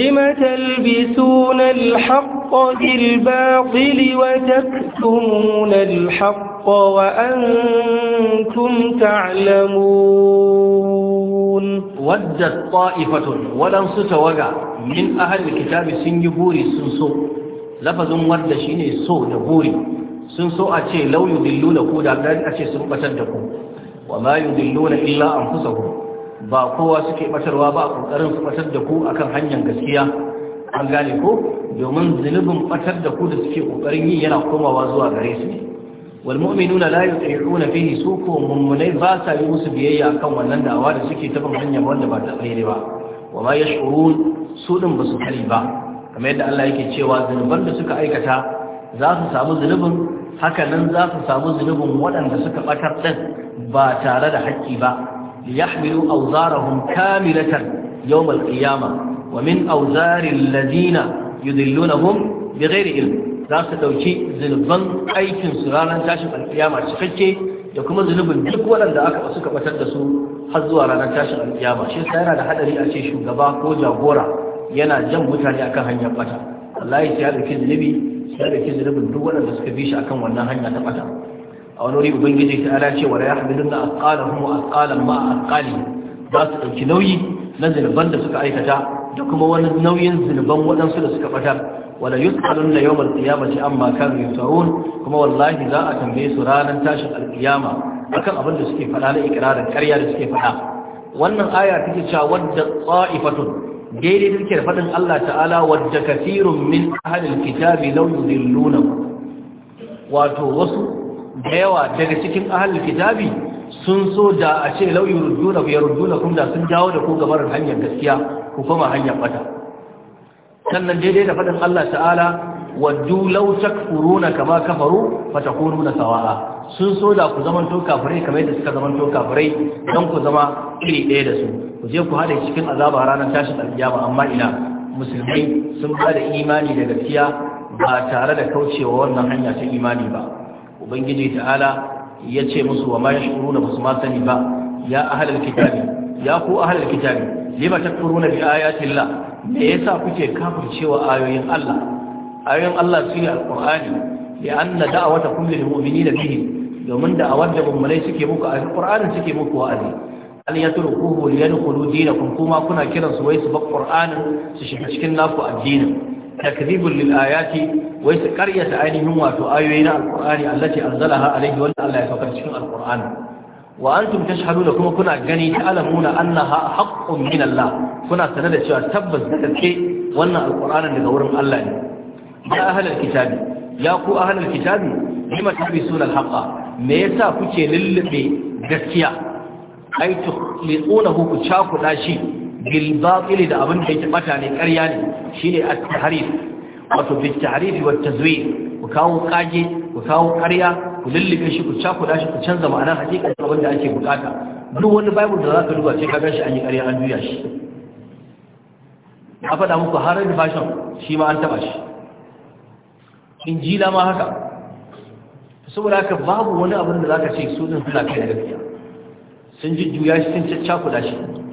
لم تلبسون الحق بالباطل وتكتمون الحق الحق وأنتم تعلمون ودت طائفة ولم ستوقع من أهل الكتاب سنجبوري سنسو لفظ ورد شيني سو نبوري سنسو أتي لو يدلون كودا بلان أتي سنبتا دكو وما يدلون إلا أنفسهم ba kowa suke batarwa ba a kokarin su batar da ku akan hanyar gaskiya an gane ko domin zunubin batar da ku da suke kokarin yi yana komawa zuwa gare su والمؤمنون لا يطيعون فيه سوكو ممني باسا يوسف يا كان wannan da'awa da suke taban hanya wanda ba ta tsere ba wa ma yash'urun su din basu kari ba kamar yadda Allah yake wa zanuban da suka aikata za su samu zanubin haka nan za su samu zunubin waɗanda suka batar din ba tare da haƙƙi ba liyahmilu awzarahum kamilatan yawm al-qiyamah wa min awzari alladhina yudillunahum bighayri ilm za su ɗauki aikin aikinsu ranar tashin alkiyama cikakke da kuma zunubin duk waɗanda aka suka batar da su har zuwa ranar tashin alkiyama shi yana da haɗari a ce shugaba ko jagora yana jan mutane akan hanyar bata wallahi sai ya ɗauki zunubi sai ya ɗauki zunubin duk waɗanda suka bi shi akan wannan hanya ta bata a wani wuri ubangiji ta ala cewa wa la yahmilunna asqalahum wa asqalan ma asqali za su ɗauki nauyi na zunuban da suka aikata da kuma wani nauyin zunuban waɗansu da suka fatar wala yus'alun la yawmal qiyamati amma kanu yusarun kuma wallahi za a tambaye su ranar tashin alkiyama akan abin da suke faɗa na ikrarin karya da suke faɗa wannan aya take cewa wadda qa'ifatun daidai take da faɗin Allah ta'ala wadda kathirun min ahlil kitabi law yudilluna wato wasu da yawa daga cikin ahlil kitabi sun so da a ce lau yurduna ya da sun jawo da ku hanyar gaskiya ku kuma hanyar bata sannan daidai da faɗin Allah ta'ala waddu law na kama kafaru fata na sawa'a sun so da ku zamanto kafirai kamar yadda suka zamanto kafirai don ku zama iri ɗaya da su ku je ku haɗa cikin azaba ranar tashin ba amma ina musulmai sun ba da imani da gaskiya ba tare da kaucewa wannan hanya ta imani ba ubangiji ta'ala ya ce musu wa ma yashkuruna basu ma sani ba ya ahlal kitabi ya ku ahlal kitabi lima na bi ayati Allah me yasa kuke kafircewa ayoyin Allah ayoyin Allah sune Alƙur'ani. ya anna da'awatakum lil da bihi domin da'awar da mummunai suke muku a alqur'ani suke muku wa'azi an yatrukuhu liyadkhulu dinakum kuma kuna kiransu wai su ba ƙur'anin su shiga cikin naku addinin takdhibul lil ayati wai su karyata ainihin wato ayoyi na alqur'ani allati anzalaha alayhi wanda Allah ya saukar cikin alqur'ani wa antum tashhaduna kuma kuna gani ta'lamuna annaha haqqun min Allah kuna sanar da cewa tabbas da gaske wannan alqur'anin daga wurin Allah ne ya ahlul kitabi ya ku ahlul kitabi lima tabisuna alhaqa me yasa kuke lullube gaskiya ai kuku ku cakuda shi bil batil da abin da yake bata ne ƙarya ne shine at-tahrif wato bil tahrif wa tazwir ku kawo kage ku kawo ƙarya ku lullube shi ku cakuɗa shi ku canza ma'anar hakikar abin da ake buƙata. duk wani bible da za ka duba sai ka gan shi an yi ƙarya an juya shi a faɗa muku da fashon, shi ma an taɓa shi injila ma haka saboda haka babu wani abin da za ka ce su ɗin suna kai da gaskiya sun jujjuya shi sun caccakuɗa shi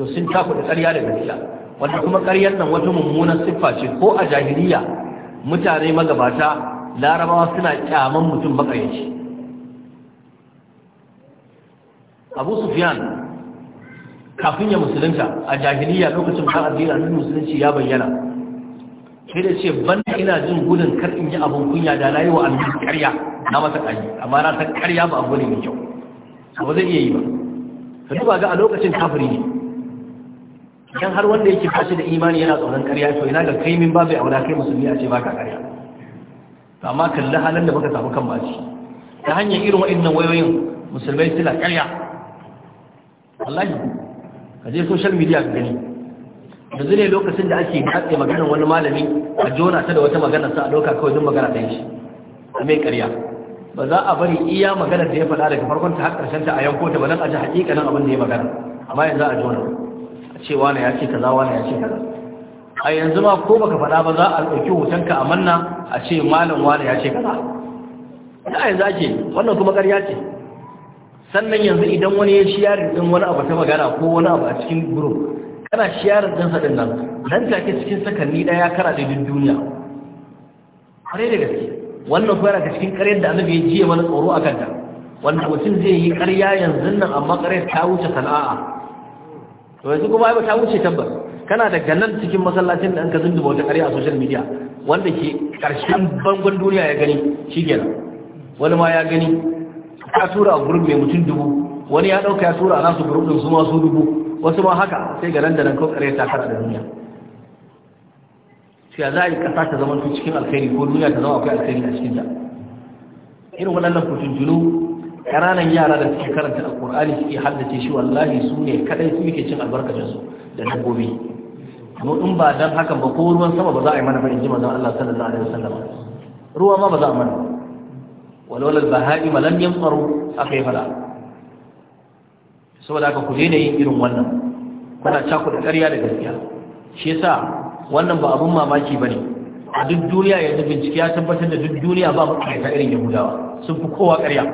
to sun da ƙarya da gaskiya wanda kuma ƙaryar nan wata mummunan siffa ce ko a jahiliya mutane magabata larabawa suna kyaman mutum bakayyaci abu sufyan kafin ya musulunta a jahiliya lokacin ba addini annabi musulunci ya bayyana sai da ce ban ina jin gudun kar in yi abin kunya da na yi wa annabi ƙarya na masa ƙarya amma na ta ƙarya ba abu ne mai kyau ba zai iya yi ba ka duba ga a lokacin kafiri ne idan har wanda yake fashi da imani yana tsoron karya to ina ga kai min babu aula kai musulmi a ce baka karya amma kalla halan da muka samu kan baci ta hanyar irin wa'annan wayoyin musulmai suna karya wallahi ka je social media ka gani yanzu ne lokacin da ake katse maganar wani malami a jona ta da wata magana sa a ɗauka kawai don magana ɗaya shi a mai karya ba za a bari iya maganar da ya faɗa daga farkon ta har ƙarshen ta a yanko ta ba nan a ji haƙiƙanin abin da ya magana amma yanzu a jona cewa na ya ce kaza wani ya ce kaza a yanzu ma ko baka faɗa ba za a ɗauki hotonka a manna a ce malam wani ya ce kaza da yanzu ake wannan kuma ƙarya ce sannan yanzu idan wani ya shiyar ɗin wani abu ta magana ko wani abu a cikin group kana shiyar din sa din nan nan take cikin sakanni ɗaya kara da duniya kare da gaske wannan kuma daga cikin ƙaryar da annabi ya jiya mana tsoro a kanta, wanda mutum zai yi ƙarya yanzu nan amma ƙaryar ta wuce sana'a to yanzu kuma ai ta wuce tabbas kana da nan cikin masallacin da an ka zunduba wata ƙarya a social media wanda ke ƙarshen bangon duniya ya gani shikenan wani ma ya gani ka tura a gurin mai mutum dubu wani ya ɗauka ya tura a nasu gurin su ma su dubu wasu ma haka sai ga da nan ko ƙarya ta kara da duniya sai za a yi ƙasa ta zama cikin alkhairi ko duniya ta zama akwai alkhairi a cikin ta irin waɗannan junu ƙananan yara da suke karanta alkur'ani suke haddace shi wallahi su ne kadai su yake cin albarkacin su da dabbobi mu in ba dan hakan ba ko ruwan sama ba za a yi mana ba in ji manzon Allah sallallahu alaihi wasallam ruwa ma ba za a mana lal bahai ma lam yamtaru akai fala saboda haka ku daina yin irin wannan kuna cakuɗa ƙarya da gaskiya shi yasa wannan ba abun mamaki bane a duk duniya yanzu bincike ya tabbatar da duk duniya ba mu ta irin yahudawa sun fi kowa ƙarya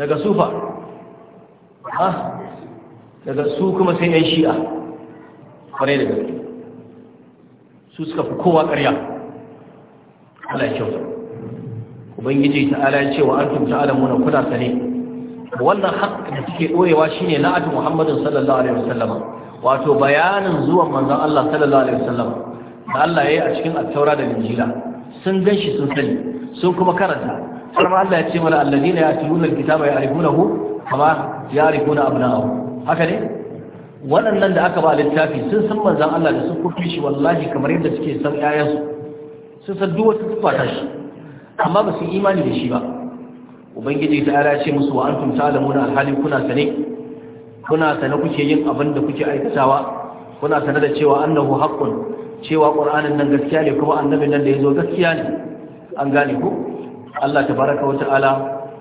daga sufa ha daga su kuma sai yan shi'a kwarai da gaske su suka fi kowa ƙarya Allah ya kyauta ubangiji ta'ala ya ce wa antum ta'lamuna kuna sane wannan haƙƙin da suke ɗorewa ne na'atu Muhammadin sallallahu alaihi Wasallama. wato bayanin zuwan manzon Allah sallallahu alaihi Wasallama, da Allah ya yi a cikin attaura da Injila sun ganshi sun sani sun kuma karanta har ma Allah ya ce mana alladina yatluna alkitaba ya'rifunahu kama ya'rifuna abna'ahum haka ne waɗannan da aka ba littafi sun san manzan Allah da sun kufi shi wallahi kamar yadda suke san ƴaƴansu sun san duk wata tufata shi amma ba su imani da shi ba ubangiji ta ya ce musu wa antum ta'lamuna alhalin kuna sane kuna sane kuke yin abin da kuke aikatawa kuna sane da cewa annahu haqqun cewa qur'anin nan gaskiya ne kuma annabin nan da yazo gaskiya ne an gane ku Allah baraka wa ta'ala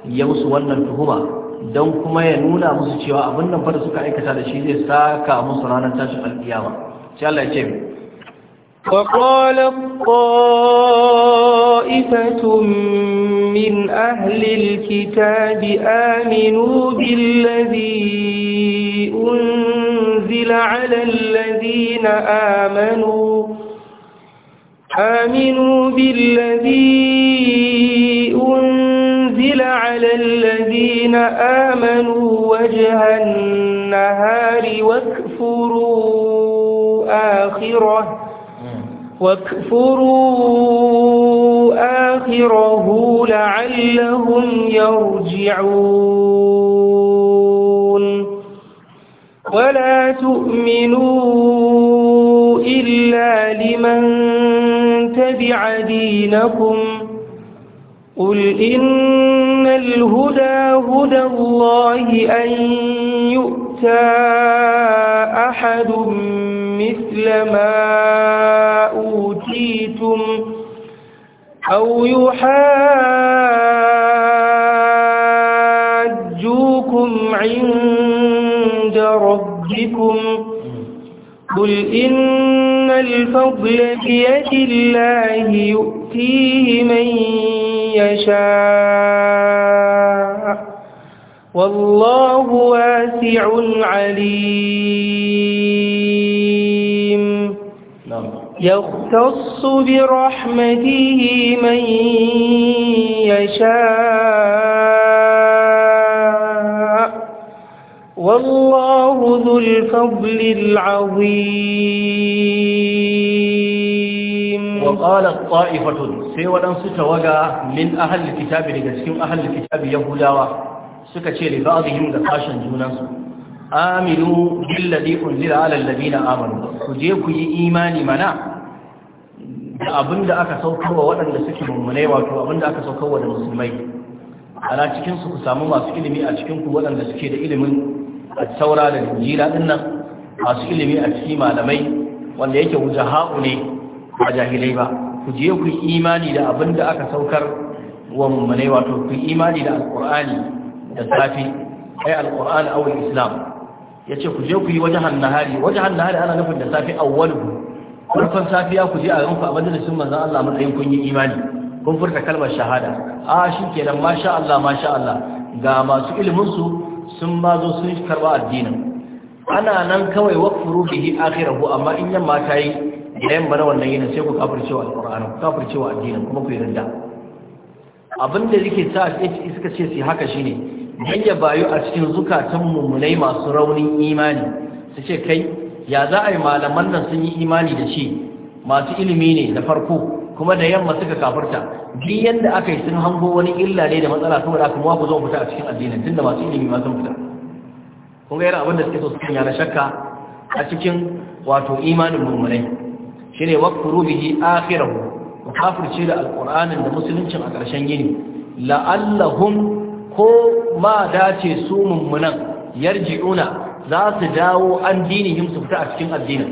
ya musu wannan tuhuma don kuma ya nuna musu cewa abin nan fa suka aikata da shi zai saka musu ranar tashin alkiyama sai Allah ya ce وقالت طائفة من أهل الكتاب آمنوا بالذي أنزل على الذين آمنوا آمنوا بالذي أنزل على الذين آمنوا وجه النهار واكفروا آخره واكفروا آخره لعلهم يرجعون ولا تؤمنوا إلا لمن نتبع دينكم قل إن الهدى هدى الله أن يؤتى أحد مثل ما أوتيتم أو يحاجوكم عند ربكم قل إن الفضل بيد الله يؤتيه من يشاء والله واسع عليم نعم. يختص برحمته من يشاء والله ذو الفضل العظيم وقال الطائفة سيوة ستوقع من أهل الكتاب لكسكم أهل الكتاب يهودا سكتي لبعضهم دقاشا جوناس آمنوا بالذي أنزل على الذين آمنوا كجيكي إيماني منع da abin da aka saukowa waɗanda suke mummunai wato abin da aka saukowa da musulmai ana cikinsu ku samu masu ilimi a cikinku waɗanda suke da ilimin a taura da jira din nan masu ilimi a cikin malamai wanda yake wuce ha'u ne a jahilai ba ku je ku imani da abin da aka saukar wa mummune wato ku imani da Alƙur'ani da safi ai alqur'an aw islam Ya ce ku je ku yi wajahan nahari wajahan nahari ana nufin da safi ku. farkon safiya ku je a yanku a majalisin manzon Allah matsayin kun yi imani kun furta kalmar shahada a ah, shi kenan masha Allah masha Allah ga masu iliminsu sun ba zo sun karba addinin ana nan kawai wakfuru bihi akhirahu amma in yamma ta yi da yamma wannan yinin sai ku kafircewa alqur'ani ku kafircewa addinin kuma ku yarda abin da yake sa iska e ce su haka shine dan ya bayu a cikin zukatan mummunai masu raunin imani su ce kai ya za a yi malaman nan sun yi imani da shi masu ilimi ne da farko kuma da yamma suka kafirta duk yanda aka yi sun hango wani illa ne da matsala saboda aka muwa ku zo fita a cikin addinin tunda masu ilimi ma sun fita kun ga yana abin da suke so su kanya na shakka a cikin wato imanin murmurai shine waqfuru bihi akhirahu ku kafirce da alqur'anin da musuluncin a ƙarshen yini la'allahum ko ma dace su mummunan yarji'una za su dawo an dinihim su fita a cikin addinin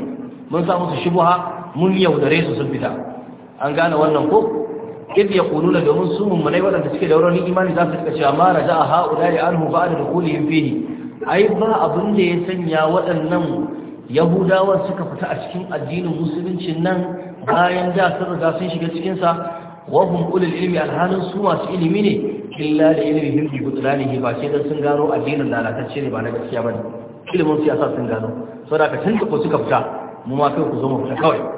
mun samu su shubuha mun yaudare su sun fita an gane wannan ko idh yaquluna domin su mummunai waɗanda suke da wurin imani za su rika cewa ma haula ya anhu ba'da dukhulihim fihi ai ba abin da ya sanya waɗannan yahudawa suka fita a cikin addinin musuluncin nan bayan da sun riga sun shiga cikin sa wa hum ulul ilmi alhalin su masu ilimi ne illa da ilmihim bi butlanihi ba sai dan sun gano addinin lalatacce ne ba na gaskiya bane ilimin siyasa sun gano saboda ka tantance suka fita mu ma kai ku zo mu fita kawai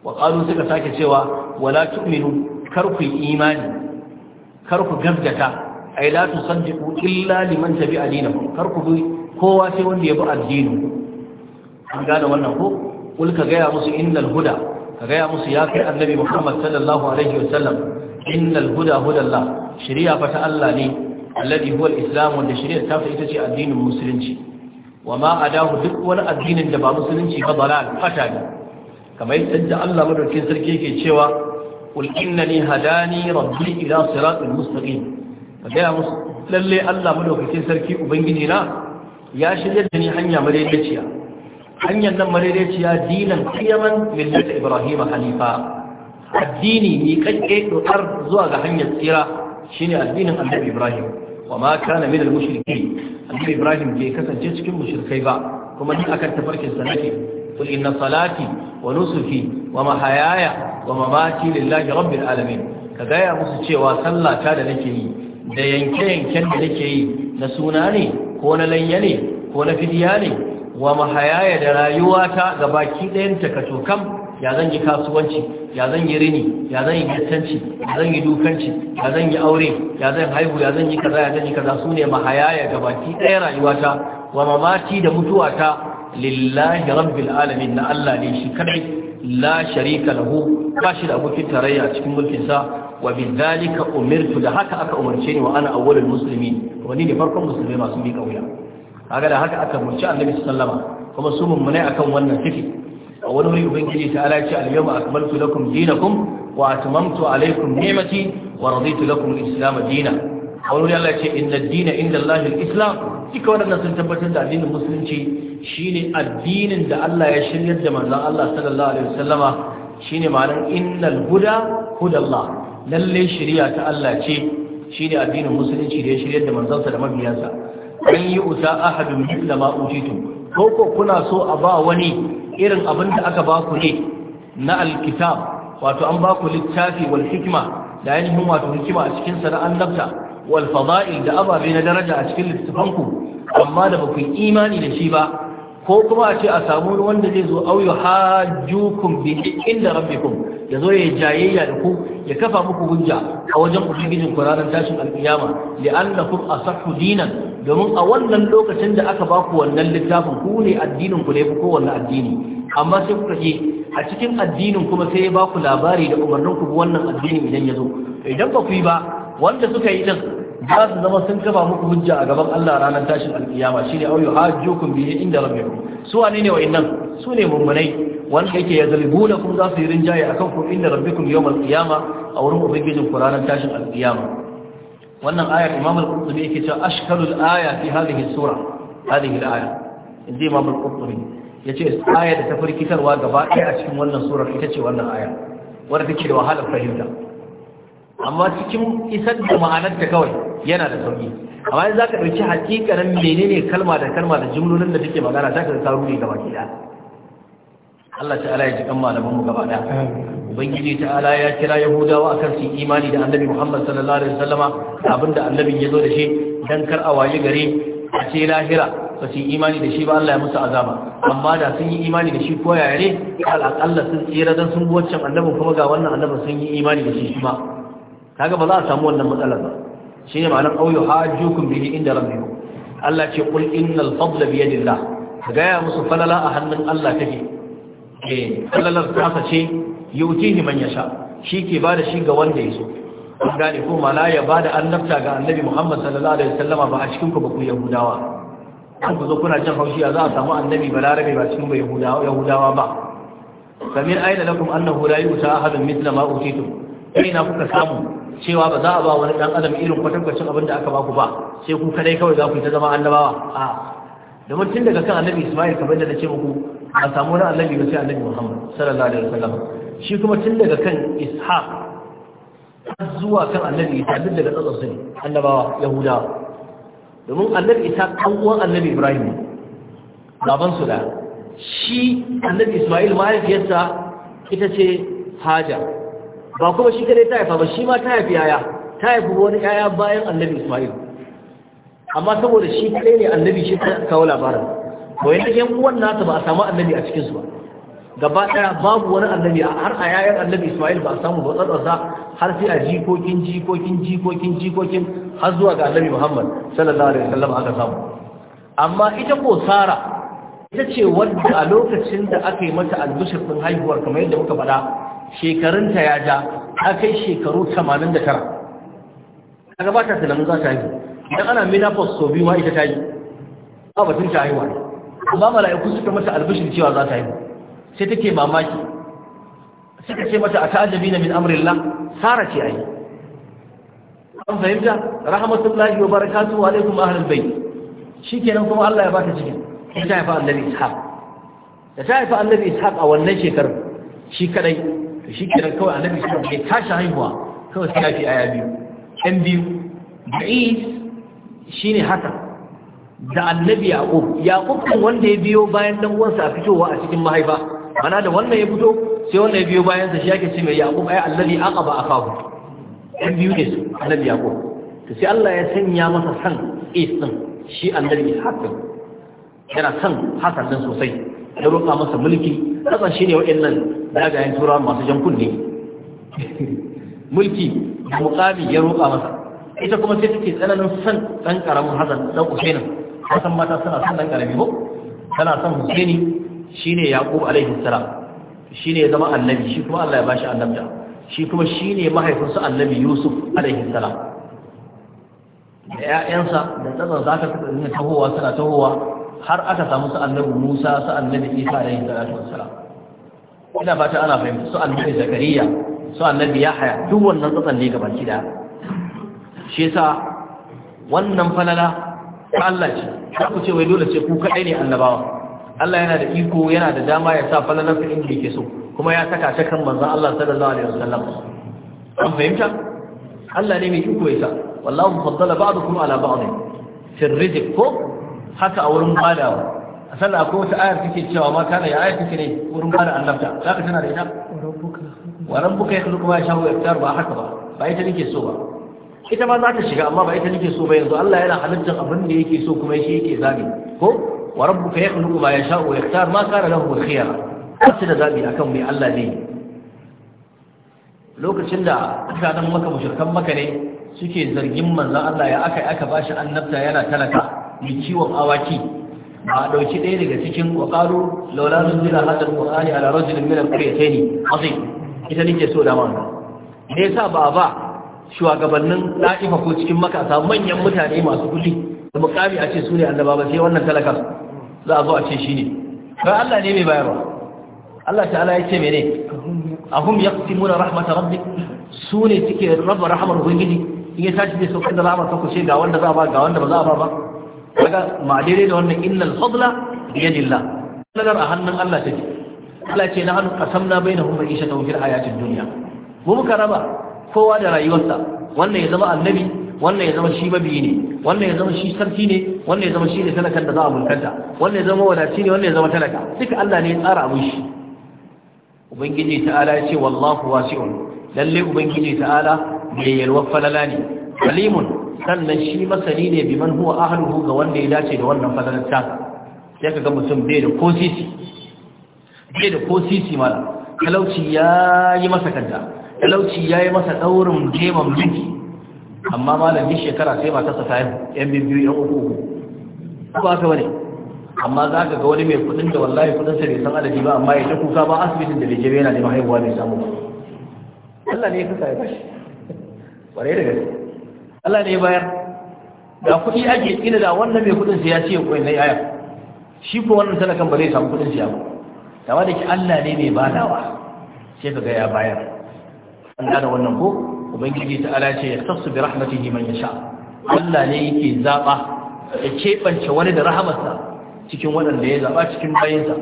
wa qalu suka sake cewa wala tu'minu kar ku imani kar ku gaskata ay la tusaddiqu illa liman tabi'a dinakum kar ku bi kowa sai wanda ya bi addinin an gane wannan ko kul ka gaya musu innal huda ka gaya musu ya kai annabi muhammad sallallahu alaihi wa sallam. innal huda hudallah shari'a fa ta Allah ne alladhi huwa al-islam wanda shari'a ta ita ce addinin musulunci wa ma adahu duk wani addinin da ba musulunci ba dalal fata ne kamar yadda Allah madaukakin sarki yake cewa qul innani hadani rabbi ila siratil mustaqim kaga musu lalle Allah madaukakin sarki ubangiji na ya shirye da ni hanya madaidaiciya hanyar nan madaidaiciya dinan qiyaman millati ibrahim hanifa addini mi kakke dokar zuwa ga hanyar tsira shine addinin annabi ibrahim wa ma kana min al-mushrikeen annabi ibrahim bai kasance cikin mushrikai ba kuma ni akan tafarkin sa nake قل إن صلاتي wa ومحياي ومماتي لله رب العالمين كغاية مسجي وصلى كان لكي da yanke-yanken da nake yi na suna ne ko na lanya ne ko na fidiya ne wa mahayaya da rayuwata ga baki ɗayan takato kam ya zan yi kasuwanci ya zan yi rini ya zan yi gattanci ya zan yi dukanci ya zan yi aure ya zan haihu ya zan yi kaza ya zan yi kaza su ne mahayaya ga baki ɗaya rayuwata wa mamati da mutuwata lillahi rabbil alamin na Allah ne shi kadai la sharika lahu ba shi da abokin tarayya cikin mulkin sa wa bidhalika umirtu da haka aka umarce ni wa ana awwalul muslimin wani ne farkon musulmai masu bi kauya kaga da haka aka umarci annabi sallama kuma su mummunai akan wannan take a wani wuri ubangiji ta ala ce al-yawma akmaltu lakum dinakum wa atmamtu alaykum ni'mati wa raditu lakum al-islam dinan a wurin Allah ce inna dina inda Allah islam duka waɗannan sun tabbatar da addinin musulunci shine addinin da Allah ya shiryar da manzon Allah sallallahu alaihi wasallama shine ma'anar innal huda hudallah lalle shari'a ta Allah ce shine addinin musulunci da ya shiryar da manzansa da mabiyansa an yi uta ahadun mithla ma utitum ko ko kuna so a ba wani irin abin da aka ba ku ne na alkitab wato an ba ku littafi wal hikma da ainihin wato hikima a cikin sa an annabta wal da ababe na daraja a cikin littafanku amma da baku imani da shi ba ko kuma a ce a samu wanda zai zo au yuhajjukum bi inda rabbikum ya zo ya jayayya da ku ya kafa muku hujja a wajen ubangijin ku ranar tashin kuma a asahhu dinan domin a wannan lokacin da aka baku wannan littafin ku ne addinin ku ne ko addini amma sai kuka je a cikin addinin kuma sai ya ba ku labari da umarnin ku wannan addinin idan ya zo idan ba ku yi ba wanda suka yi din za su zama sun kafa muku hujja a gaban Allah ranar tashin alkiyama shine au yuhajjukum bihi inda rabbikum su wane ne wayannan su ne mummunai wanda yake ya zalibuna kuma za su yi rinjaye akan ku inda rabbikum yawmal qiyama a wurin ubangijin ku ranar tashin alkiyama wannan ayar imam al-qurtubi yake cewa ashkalul aya fi hadhihi sura hadhihi al-aya inda imam al-qurtubi yace aya da ta farkitarwa gaba ɗaya a cikin wannan surar ita ce wannan aya wadda take da wahalar fahimta amma cikin isar da ma'anarta kawai yana da sauki amma yanzu ka ɗauki hakikanin menene kalma da kalma da jimlolin da take magana za ka karu ne gaba ɗaya Allah ta'ala ya ji kan malaman mu gaba ɗaya ubangiji ta'ala ya kira yahudawa akan su imani da annabi Muhammad sallallahu alaihi wasallama abinda annabin ya zo da shi dan kar a waye gare a ce lahira ba su imani da shi ba Allah ya musu azaba amma da sun yi imani da shi ko yare al'aqalla sun tsira dan sun bi wancan annabin kuma ga wannan annabin sun yi imani da shi shi kaga ba za a samu wannan matsalar ba Shi ne ma'anar auyu hajjukum bihi inda rabbikum Allah ce kul innal fadla bi yadillah ka gaya musu falala a hannun Allah take eh falalar tasa ce yutihi man yasha shi ke bada shi ga wanda yaso kun gane ko mala ya bada annabta ga annabi Muhammad sallallahu alaihi wasallama ba a cikin ku ba ku yahudawa kan ku zo kuna jin haushi za a samu annabi balarabe ba cikin yahudawa yahudawa ba kamar aina lakum annahu la yuta ahadun mithla ma utitum ina kuka samu cewa ba za a ba wani ɗan adam irin kwatankwacin abin da aka baku ba sai ku kadai kawai za ku yi ta zama annabawa a domin tun daga kan annabi Ismail kamar da ce muku a samu wani annabi ba sai annabi Muhammad sallallahu alaihi wasallam shi kuma tun daga kan Ishaq zuwa kan annabi Isa duk daga tsatsar sai annabawa Yahuda. domin annabi Isa kan uwan annabi Ibrahim baban su da shi annabi Ismail mahaifiyarsa ita ce Hajar ba kuma shi kadai ta haifa ba shi ma ta haifi yaya ta haifi wani yaya bayan annabi ismail amma saboda shi kadai ne annabi shi kawo labarin bayan da yan uwan nasa ba a samu annabi a cikinsu ba gaba daya babu wani annabi har a yayan annabi ismail ba a samu ba tsatsatsa har sai a jikokin jikokin jikokin jikokin har zuwa ga annabi muhammad sallallahu alaihi wasallam aka samu amma ita ko sara ita ce wadda a lokacin da aka yi mata albishir din haihuwar kamar yadda muka faɗa shekarunta ya ja ta kai shekaru 89 kaga ba ta tunanin za ta yi idan ana menopause so biyu ma ita ta yi ba batun ta haihuwa amma mala'iku suka mata albishir cewa za ta yi. sai take mamaki suka ce mata a ta'ajabi na min amrillah sara ce ai an fahimta rahmatullahi wa barakatuhu wa alaikum ahlul bayt shikenan kuma Allah ya bata cikin ta haifa annabi ishaq da ta haifa annabi ishaq a wannan shekarar shi kadai shi kenan kawai annabi su ya tashi haihuwa kawai sai ya fi aya biyu ɗan biyu da is shi ne haka da annabi yaƙub yaƙub kan wanda ya biyo bayan ɗan uwansa a fitowa a cikin mahaifa mana da wannan ya fito sai wanda ya biyo bayansa shi yake ce mai yaƙub ai allazi aqaba akahu ɗan biyu ne su annabi yaƙub to sai Allah ya sanya masa san is din shi annabi hasan yana san hasan din sosai ya roƙa masa mulki shi ne waɗannan ga zagayen tura masu jan kunne mulki da mukami ya roƙa masa ita kuma sai take tsananin son ɗan ƙaramin hasan ɗan usainin hasan mata suna son ɗan ƙarami ko tana son husaini shine yaqub alaihi salam ne ya zama annabi shi kuma Allah ya bashi annabta shi kuma shi ne mahaifinsa annabi yusuf alaihi salam da 'ya'yansa da tsazan zaka tahowa suna tahowa har aka samu su annabi musa su annabi isa alaihi salatu wassalam ina fata ana fahimta su annabi zakariya su annabi haya duk wannan tsatsan ne gaban gida shi yasa wannan falala ta Allah ce za ku ce wai dole ce ku kaɗai ne annabawa Allah yana da iko yana da dama ya sa falalarsa inda yake so kuma ya saka ta kan manzon Allah sallallahu alaihi wasallam an fahimta Allah ne mai iko ya sa wallahu faddala ba'dukum ala ba'd fi rizq ko haka a wurin badawa sannan akwai wata ayar take cewa ma kana ya ayar take ne wurin bada annabta za ka tana da ita wa ya yakhluqu ma yasha'u yaktar ba haka ba ba ita nake so ba ita ma za ta shiga amma ba ita nake so ba yanzu Allah yana halittar abin da yake so kuma shi yake zabi ko wa rabbuka yakhluqu ma yasha'u ma kana lahu al-khiyara kace da zabi akan mai Allah ne lokacin da mutanen maka mushrikan maka ne suke zargin manzon Allah ya aka aka bashi annabta yana talaka mai ciwon awaki ba a ɗauki ɗaya daga cikin ƙwaƙalu laula sun jira hadar ƙwaƙali ala rajulun milan ƙaryatai ne asai ita nake so da mana me sa ba ba shugabannin ɗa'ifa ko cikin makasa manyan mutane masu kuɗi da muƙami a ce su ne annaba ba sai wannan talaka za a zo a ce shi ne kai Allah ne mai bayarwa Allah ta'ala ya ce mene ahum yaqtimuna rahmatar rabbik su ne suke raba rahmar ubangiji in ya tashi zai saukar da rahmar ka ku ce ga wanda za a ba ga wanda ba za a ba ba kaga ma daidai da wannan innal fadla bi yadillah nagar a hannun Allah take Allah ce na hannu qasamna bainahum ma'isha ta fil hayatid dunya mu muka raba kowa da rayuwarsa wannan ya zama annabi wannan ya zama shi mabiyi ne wannan ya zama shi sarki ne wannan ya zama shi ne talakan da za a mulkanta wannan ya zama wadaci ne wannan ya zama talaka duka Allah ne ya tsara abun shi ubangiji ta'ala ya ce wallahu wasi'un lalle ubangiji ta'ala mai yalwa falala ne alimun sannan shi masani ne bi man huwa ahluhu ga wanda ya dace da wannan fadalar ta sai ka ga mutum bai da ko sisi bai da ko sisi mala talauci ya yi masa kanta talauci ya yi masa daurin jeman miki amma malam ni shekara sai ba sa sai yan biyu yan uku uku ba ka wani amma za ka ga wani mai kudin da wallahi kudin sa bai san alaji ba amma ya ta kuka ba asibitin da bai yana da mahaifuwa bai samu Allah ne ya kasa ya bashi ƙwarai da gaske Allah ne bayar da kuɗi ake kila da wannan mai kuɗin siya ce kuwa na yaya shi ko wannan talakan ba zai samu kuɗin siya ba kama da ki Allah ne mai badawa sai ka ga ya bayar Allah da wannan ko ubangiji ta ala ce ya tasu bi rahmatihi man yasha Allah ne yake zaba ya keɓance wani da rahamarsa cikin waɗanda ya zaba cikin bayinsa?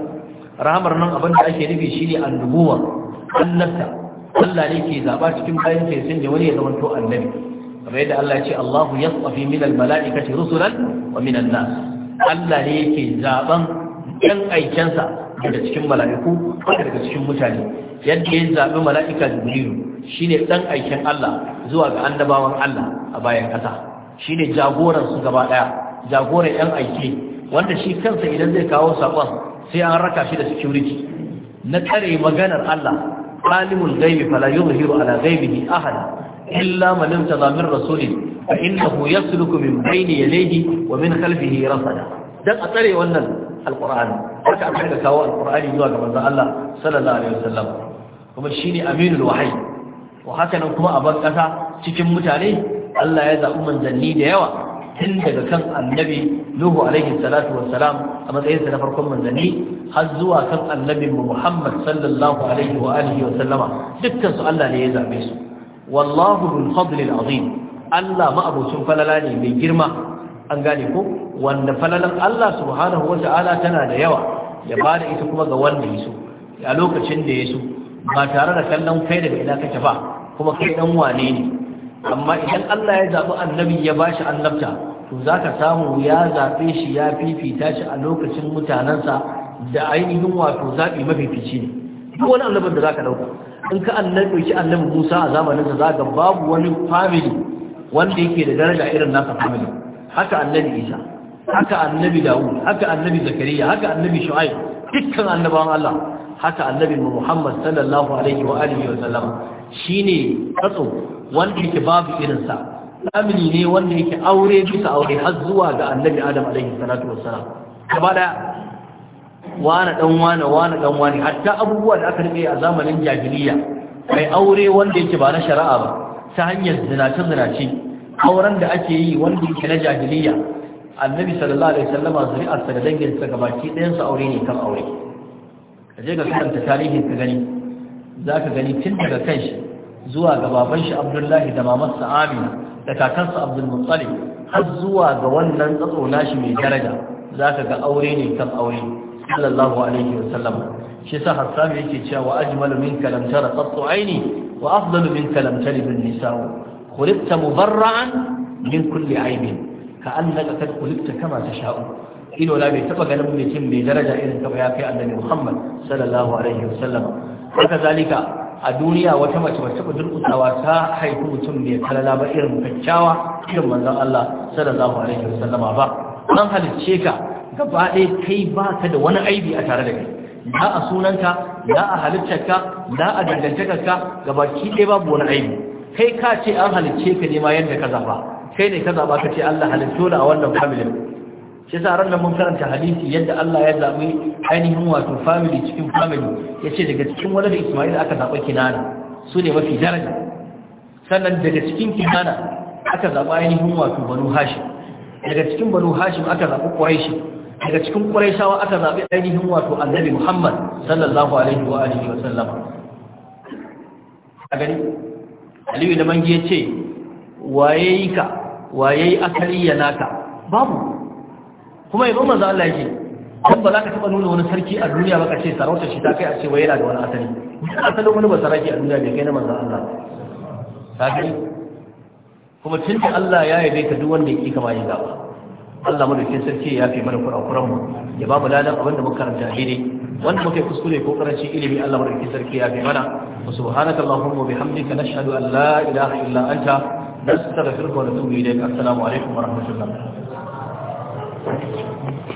rahamar nan abin da ake nufi shine ne annubuwa annabta Allah ne yake zaba cikin bayinsa ya sanya wani ya zama to annabi kamar yadda Allah ya ce Allahu yasfi min almalaikati rusulan wa min annas Allah ne yake zaban ɗan aikensa daga cikin mala'iku ko daga cikin mutane yadda ya zabi mala'ika jibrilu shine ɗan aikin Allah zuwa ga annabawan Allah a bayan ƙasa shine jagoran su gaba ɗaya jagoran yan aike wanda shi kansa idan zai kawo saƙon sai an raka shi da security na tare maganar Allah alimul gaibi fala yuzhiru ala ghaibihi ahada illa man imtaza min rasulin fa innahu yasluku min ya yadayhi wa min khalfihi rasada dan a tsare wannan alqur'ani haka aka kawo alqur'ani zuwa ga manzon Allah sallallahu alaihi wasallam kuma shine aminul wahyi wa haka nan kuma a ban kasa cikin mutane Allah ya zaɓi manzanni da yawa inda daga kan annabi Nuhu alaihi salatu wassalam a matsayinsa na farkon manzanni har zuwa kan annabin Muhammad sallallahu alaihi wa sallama dukkan Allah ne ya zaɓe su wallahu bil fadlil azim Allah ma'abocin falala ne mai girma an gane ko wanda falalan Allah subhanahu ta'ala tana da yawa ya bada ita kuma ga wanda so. a lokacin da yaso ba tare da kallon kai daga ina kake ba kuma kai dan wane ne amma idan Allah ya zabi annabi ya bashi annabta to zaka samu ya zabe shi ya fifita shi a lokacin mutanansa da ainihin wato zabi mafifici ne duk wani annabin da zaka dauka in ka annan ɗauki annabi musa a zamaninsa za ga babu wani family wanda yake da daraja irin nasa family haka annabi isa haka annabi dawud haka annabi zakariya haka annabi shu'aib dukkan annabawan allah haka annabi muhammad sallallahu alaihi wa alihi wa sallam shine katso wanda yake babu irin sa family ne wanda yake aure bisa aure har zuwa ga annabi adam alaihi salatu wassalam gaba daya wane dan wane wane dan wane hatta abubuwa da aka rike a zamanin jahiliya kai aure wanda yake ba na shari'a ba ta hanyar zinace zinace auren da ake yi wanda yake na jahiliya annabi sallallahu alaihi wasallama zuri'arsa da danginsa gabaki ɗayan su aure ne kan aure ka je ka karanta tarihin ka gani za ka gani tun daga kan shi zuwa ga baban shi abdullahi da mamarsa amina da Abdul abdulmuttalib har zuwa ga wannan tsatso shi mai daraja za ka ga aure ne kan aure sallallahu alaihi wasallam shi sa hassanu yake cewa ajmalu min kalam tara qattu aini wa afdalu min kalam tari bin nisa'u khuliqta mubarra'an min kulli aibin ka annaka kad khuliqta kama tasha'u ido la bai taba ganin mutum mai daraja irin ka ba ya kai annabi Muhammad sallallahu alaihi wasallam haka zalika a duniya wata mace wacce ba durkusawa ta haifi mutum mai kalala ba irin kakkyawa irin manzon Allah sallallahu alaihi wasallama ba an halicce ka gaba ɗaya kai ba ka da wani aibi a tare da kai na a sunanka na a halittarka na a dangantakarka gaba ki ɗaya babu wani aibi kai ka ce an halicce ka nema yadda ka zaɓa kai ne ka zaɓa ka ce Allah halitto da a wannan familin shi sa ran nan mun karanta hadisi yadda Allah ya zaɓi ainihin wato family cikin family ya ce daga cikin wani da Ismail aka zaɓa kinana su ne mafi daraja sannan daga cikin kinana aka zaɓa ainihin wato banu hashim daga cikin banu hashim aka zaɓi ƙwaishi daga cikin ƙuraishawa aka zaɓi ainihin wato annabi muhammad sallallahu alaihi wa alihi wa sallama. a gani aliyu da mangi ya ce waye yi ka waye yi asali ya naka babu kuma yabon manzo Allah yake don ba za ka taɓa nuna wani sarki a duniya ba ka ce sarautar shi ta kai a ce wai yana da wani asali asalin wani ba sarki a duniya bai kai na manzo Allah ta kuma tun da Allah ya yabe ka duk wanda yake kama yin gaba Allah mu dake sarki ya fi mana kurakuran mu ya ba mu ladan abin da muka karanta daidai wanda muka kuskure ko karanci ilimi Allah mu sarki ya fi mana wa subhanaka allahumma bihamdika nashhadu an la ilaha illa anta nastaghfiruka wa natubu ilayk assalamu alaikum wa rahmatullah